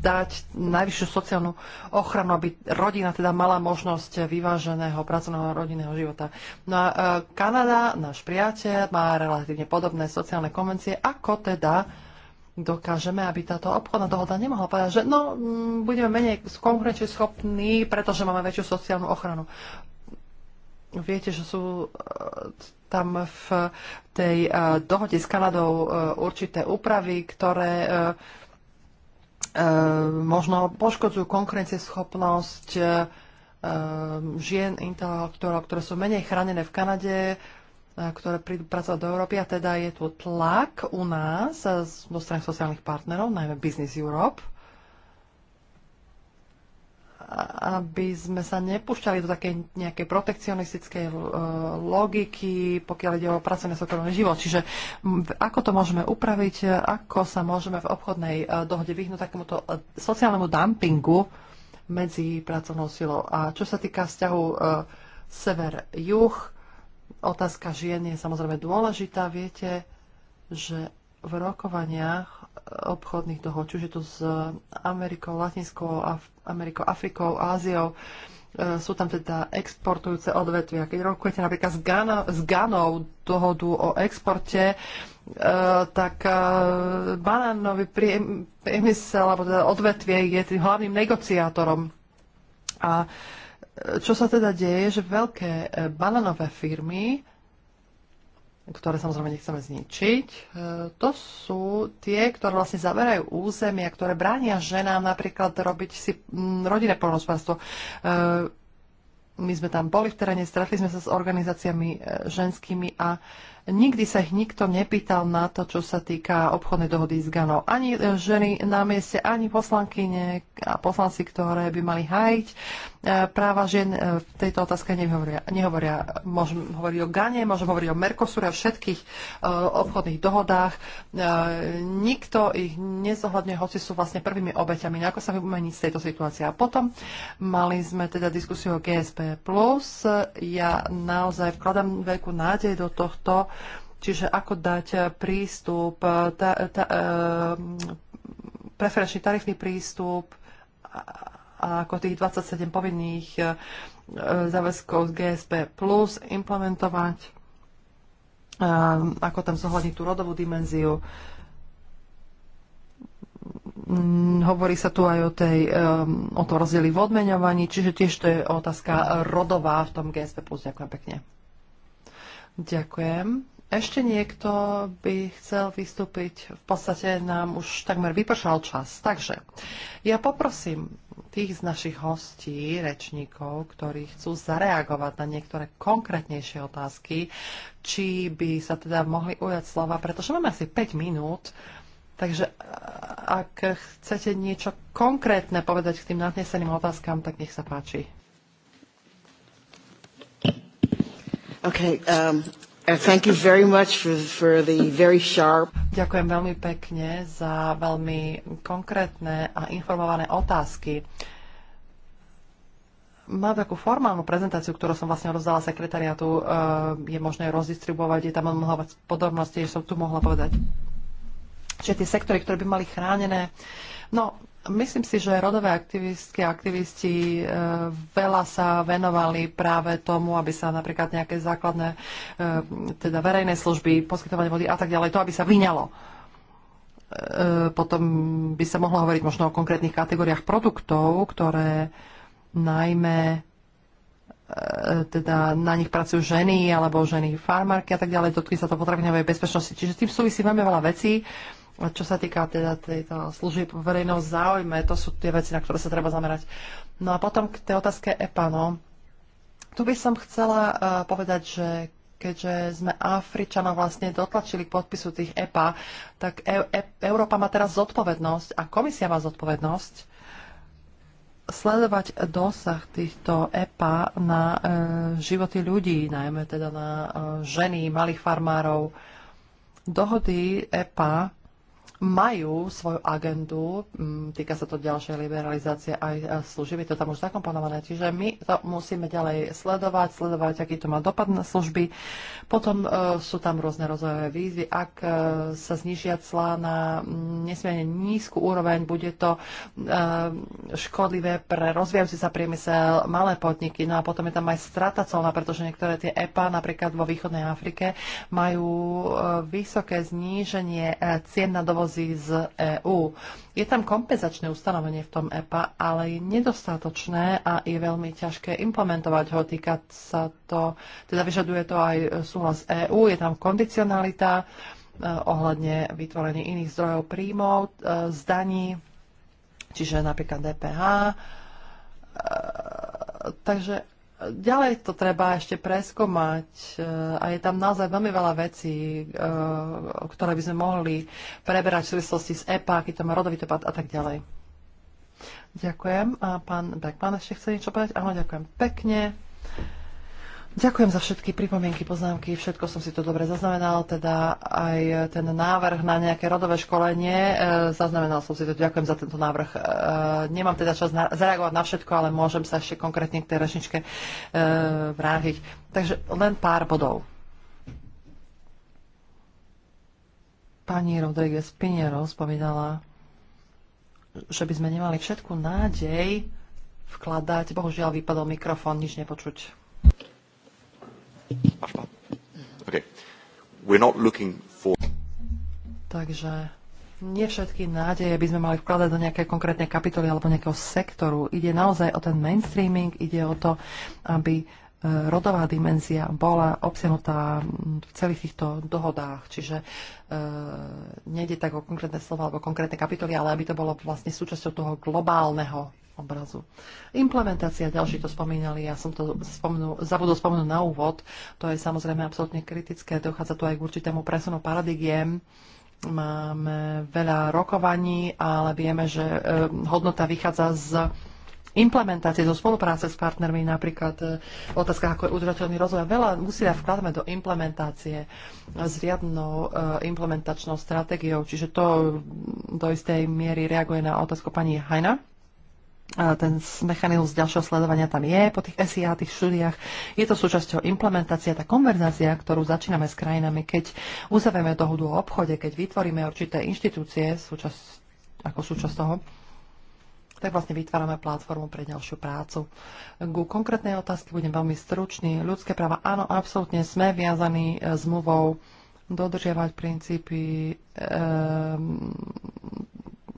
dať najvyššiu sociálnu ochranu, aby rodina teda mala možnosť vyváženého pracovného rodinného života. No a e, Kanada, náš priateľ, má relatívne podobné sociálne konvencie, ako teda dokážeme, aby táto obchodná dohoda nemohla povedať, že no, budeme menej konkurenčne schopní, pretože máme väčšiu sociálnu ochranu. Viete, že sú e, tam v tej e, dohode s Kanadou e, určité úpravy, ktoré možno poškodzujú konkurencieschopnosť žien intelektuálov, ktoré sú menej chránené v Kanade, ktoré prídu pracovať do Európy a teda je tu tlak u nás zo strany sociálnych partnerov, najmä Business Europe, aby sme sa nepúšťali do takej nejakej protekcionistickej eh, logiky, pokiaľ ide o pracovné súkromné život. Čiže ako to môžeme upraviť, ako sa môžeme v obchodnej eh, dohode vyhnúť takémuto eh, sociálnemu dumpingu medzi pracovnou silou. A čo sa týka vzťahu sever-juh, otázka žien je samozrejme dôležitá. Viete, že v rokovaniach obchodných dohod, čiže to s Amerikou, Latinskou Af- Amerikou, Afrikou, Áziou. E, sú tam teda exportujúce odvetvia. Keď rokujete napríklad s, Ganou dohodu o exporte, e, tak e, banánový priemysel alebo teda odvetvie je tým hlavným negociátorom. A čo sa teda deje, že veľké bananové firmy ktoré samozrejme nechceme zničiť, e, to sú tie, ktoré vlastne zaberajú územia, ktoré bránia ženám napríklad robiť si rodinné polnospodárstvo. E, my sme tam boli v teréne, stretli sme sa s organizáciami e, ženskými a nikdy sa ich nikto nepýtal na to, čo sa týka obchodnej dohody s Ganou. Ani ženy na mieste, ani poslankyne a poslanci, ktoré by mali hajiť práva žien e, v tejto otázke nehovoria. nehovoria. Môžem hovoriť o Gane, môžem hovoriť o Mercosure, o všetkých e, obchodných dohodách. E, nikto ich nezohľadňuje, hoci sú vlastne prvými obeťami. No ako sa vymeniť z tejto situácie? A potom mali sme teda diskusiu o GSP+. Ja naozaj vkladám veľkú nádej do tohto, čiže ako dať prístup, tá, tá, preferenčný tarifný prístup ako tých 27 povinných e, záväzkov z GSP plus implementovať, e, ako tam zohľadniť tú rodovú dimenziu. Mm, hovorí sa tu aj o, tej, e, o tom rozdieli v odmeňovaní, čiže tiež to je otázka rodová v tom GSP+. Plus. Ďakujem pekne. Ďakujem. Ešte niekto by chcel vystúpiť. V podstate nám už takmer vypršal čas. Takže ja poprosím tých z našich hostí, rečníkov, ktorí chcú zareagovať na niektoré konkrétnejšie otázky, či by sa teda mohli ujať slova, pretože máme asi 5 minút, takže ak chcete niečo konkrétne povedať k tým nadneseným otázkam, tak nech sa páči. Okay, um, For, for sharp... Ďakujem veľmi pekne za veľmi konkrétne a informované otázky. Mám takú formálnu prezentáciu, ktorú som vlastne rozdala sekretariatu. Eh, je možné rozdistribuovať, je tam mnoho podobností, som tu mohla povedať. Čiže tie sektory, ktoré by mali chránené. No, Myslím si, že rodové aktivistky a aktivisti e, veľa sa venovali práve tomu, aby sa napríklad nejaké základné e, teda verejné služby, poskytovanie vody a tak ďalej, to aby sa vyňalo. E, potom by sa mohlo hovoriť možno o konkrétnych kategóriách produktov, ktoré najmä teda na nich pracujú ženy alebo ženy farmárky a tak ďalej, dotkli sa to potravinovej bezpečnosti. Čiže tým súvisí veľmi veľa vecí. Uh, čo sa týka teda tejto služieb v záujme, to sú tie veci, na ktoré sa treba zamerať. No a potom k tej otázke EPA, no. Tu by som chcela uh, povedať, že keďže sme Afričanov vlastne dotlačili k podpisu tých EPA, tak e- e- Európa má teraz zodpovednosť a komisia má zodpovednosť sledovať dosah týchto EPA na e, životy ľudí, najmä teda na e, ženy, malých farmárov. Dohody EPA majú svoju agendu, mm, týka sa to ďalšej liberalizácie aj e, služieb, je to tam už zakomponované, čiže my to musíme ďalej sledovať, sledovať, aký to má dopad na služby. Potom uh, sú tam rôzne rozvojové výzvy, ak uh, sa znižia clá na mm, nesmierne nízku úroveň, bude to uh, škodlivé pre rozvíjajúci sa priemysel, malé podniky, no a potom je tam aj strata colná, pretože niektoré tie EPA, napríklad vo východnej Afrike, majú vysoké zníženie cien na dovoz peňazí z EÚ. Je tam kompenzačné ustanovenie v tom EPA, ale je nedostatočné a je veľmi ťažké implementovať ho. Týka sa to, teda vyžaduje to aj súhlas EÚ, je tam kondicionalita e, ohľadne vytvorení iných zdrojov príjmov, e, zdaní, čiže napríklad DPH. E, takže ďalej to treba ešte preskomať eh, a je tam naozaj veľmi veľa vecí, eh, ktoré by sme mohli preberať v súvislosti s EPA, aký to má rodový dopad a tak ďalej. Ďakujem. A pán Beckman ešte chce niečo povedať? Áno, ďakujem pekne. Ďakujem za všetky pripomienky, poznámky, všetko som si to dobre zaznamenal, teda aj ten návrh na nejaké rodové školenie, e, zaznamenal som si to, ďakujem za tento návrh. E, nemám teda čas na, zareagovať na všetko, ale môžem sa ešte konkrétne k tej rečničke e, vrátiť. Takže len pár bodov. Pani Rodriguez Pinero spomínala, že by sme nemali všetku nádej vkladať. Bohužiaľ vypadol mikrofón, nič nepočuť. Okay. We're not looking for... Takže nie všetky nádeje by sme mali vkladať do nejakej konkrétnej kapitoly alebo nejakého sektoru. Ide naozaj o ten mainstreaming, ide o to, aby e, rodová dimenzia bola obsiahnutá v celých týchto dohodách. Čiže e, nejde tak o konkrétne slova alebo konkrétne kapitoly, ale aby to bolo vlastne súčasťou toho globálneho obrazu. Implementácia, ďalší to spomínali, ja som to spomnul, zabudol spomenúť na úvod, to je samozrejme absolútne kritické, dochádza tu aj k určitému presunu paradigiem, máme veľa rokovaní, ale vieme, že eh, hodnota vychádza z implementácie, zo spolupráce s partnermi, napríklad v eh, otázkach ako je udržateľný rozvoj. Veľa úsilia vkladáme do implementácie s riadnou eh, implementačnou stratégiou, čiže to do istej miery reaguje na otázku pani Hajna ten mechanizmus ďalšieho sledovania tam je po tých SIA, tých štúdiách. Je to súčasťou implementácia, tá konverzácia, ktorú začíname s krajinami, keď uzavieme dohodu o obchode, keď vytvoríme určité inštitúcie súčas, ako súčasť toho, tak vlastne vytvárame platformu pre ďalšiu prácu. Ku konkrétnej otázky budem veľmi stručný. Ľudské práva, áno, absolútne sme viazaní zmluvou e, dodržiavať princípy e,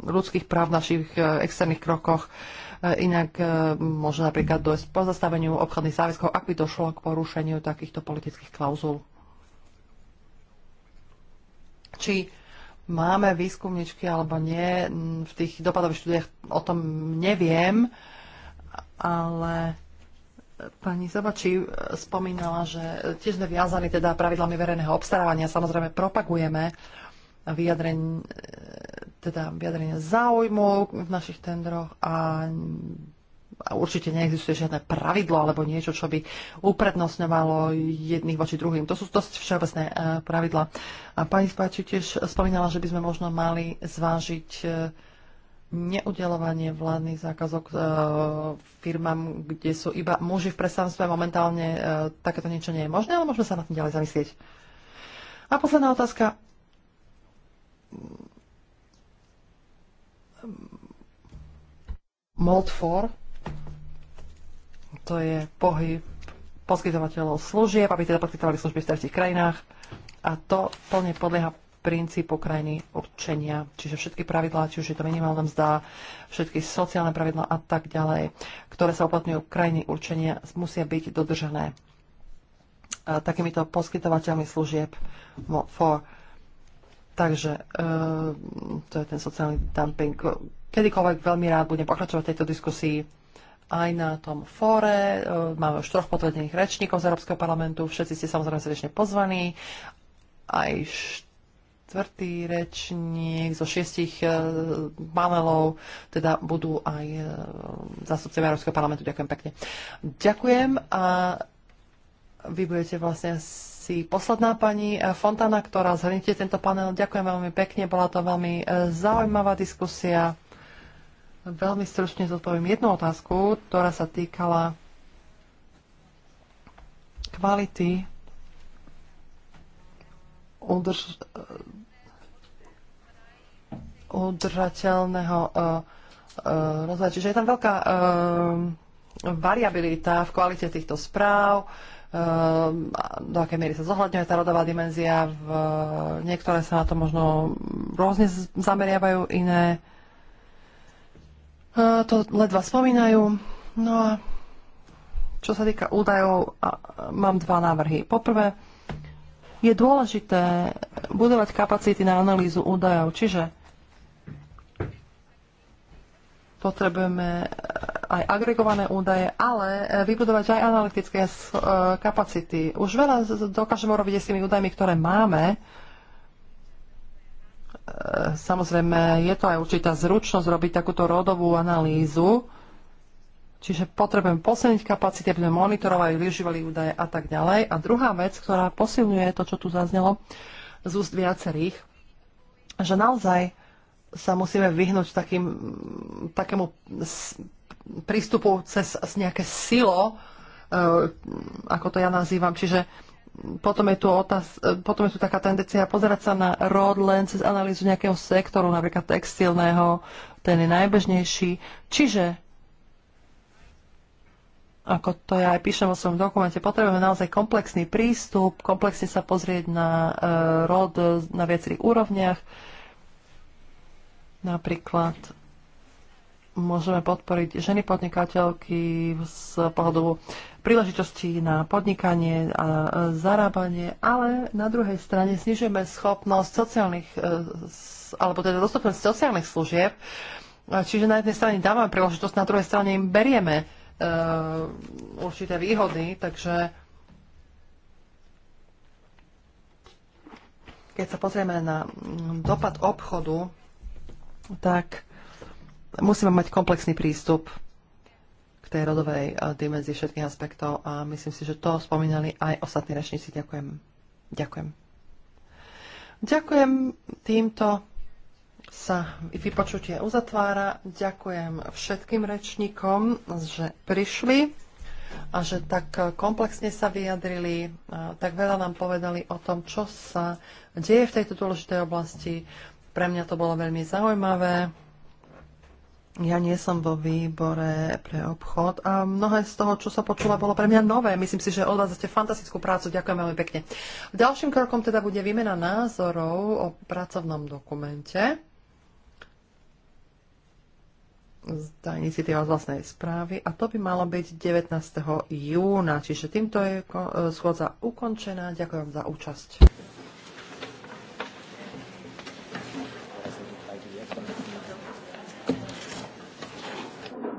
ľudských práv v našich e, externých krokoch. E, inak e, možno napríklad dojsť pozastaveniu obchodných záväzkov, ak by došlo k porušeniu takýchto politických klauzul. Či máme výskumničky alebo nie, v tých dopadových štúdiách o tom neviem, ale Pani Zabači spomínala, že tiež sme viazaní teda pravidlami verejného obstarávania. Samozrejme propagujeme vyjadreň, teda vyjadrenia záujmov v našich tendroch a a určite neexistuje žiadne pravidlo alebo niečo, čo by uprednostňovalo jedných voči druhým. To sú dosť všeobecné e, pravidla. A pani Spáči tiež spomínala, že by sme možno mali zvážiť e, neudelovanie vládnych zákazok e, firmám, kde sú iba muži v predstavenstve. Momentálne takéto niečo nie je možné, ale môžeme sa na tým ďalej zamyslieť. A posledná otázka Mold 4, to je pohyb poskytovateľov služieb, aby teda poskytovali služby v tretich krajinách a to plne podlieha princípu krajiny určenia. Čiže všetky pravidlá, či už je to minimálna mzda, všetky sociálne pravidlá a tak ďalej, ktoré sa uplatňujú krajiny určenia, musia byť dodržané takýmito poskytovateľmi služieb for Takže e, to je ten sociálny dumping. Kedykoľvek veľmi rád budem pokračovať v tejto diskusii aj na tom fóre. E, máme už troch potvrdených rečníkov z Európskeho parlamentu. Všetci ste samozrejme srdečne pozvaní. Aj štvrtý rečník zo šiestich e, panelov, teda budú aj zástupcovia Európskeho parlamentu. Ďakujem pekne. Ďakujem a vy budete vlastne si posledná pani eh, Fontana, ktorá zhrnite tento panel. Ďakujem veľmi pekne, bola to veľmi eh, zaujímavá diskusia. Veľmi stručne zodpoviem jednu otázku, ktorá sa týkala kvality udrž, eh, udržateľného uh, uh, rozvoja. Čiže je tam veľká uh, variabilita v kvalite týchto správ. Uh, Ehm, do akej miery sa zohľadňuje tá rodová dimenzia. V, niektoré sa na to možno rôzne zameriavajú, iné e, to ledva spomínajú. No a čo sa týka údajov, mám dva návrhy. Poprvé, je dôležité budovať kapacity na analýzu údajov, čiže potrebujeme aj agregované údaje, ale e, vybudovať aj analytické e, kapacity. Už veľa dokážeme urobiť s tými údajmi, ktoré máme. E, samozrejme, je to aj určitá zručnosť robiť takúto rodovú analýzu, čiže potrebujeme posilniť kapacity, aby sme monitorovali, využívali údaje a tak ďalej. A druhá vec, ktorá posilňuje to, čo tu zaznelo z úst viacerých, že naozaj sa musíme vyhnúť takým, takému prístupu cez nejaké silo, e, ako to ja nazývam. Čiže potom je tu, otáz, e, potom je tu taká tendencia pozerať sa na rod len cez analýzu nejakého sektoru, napríklad textilného, ten je najbežnejší. Čiže ako to ja aj píšem vo svojom dokumente, potrebujeme naozaj komplexný prístup, komplexne sa pozrieť na e, rod na viacerých úrovniach. Napríklad môžeme podporiť ženy podnikateľky z pohľadu príležitosti na podnikanie a zarábanie, ale na druhej strane znižujeme schopnosť sociálnych, e, alebo teda dostupnosť sociálnych služieb. Čiže na jednej strane dávame príležitosť, na druhej strane im berieme e, určité výhody, takže keď sa pozrieme na dopad obchodu, tak musíme mať komplexný prístup k tej rodovej eh, dimenzii všetkých aspektov a myslím si, že to spomínali aj ostatní rečníci. Ďakujem. Ďakujem. Ďakujem týmto sa vypočutie uzatvára. Ďakujem všetkým rečníkom, že prišli a že tak komplexne sa vyjadrili, tak veľa nám povedali o tom, čo sa deje v tejto dôležitej oblasti. Pre mňa to bolo veľmi zaujímavé. Ja nie som vo výbore pre obchod a mnohé z toho, čo sa počula, bolo pre mňa nové. Myslím si, že odvádzate fantastickú prácu. Ďakujem veľmi pekne. Ďalším krokom teda bude výmena názorov o pracovnom dokumente. Zdajni si tie vlastnej správy. A to by malo byť 19. júna. Čiže týmto je schôdza ukončená. Ďakujem za účasť.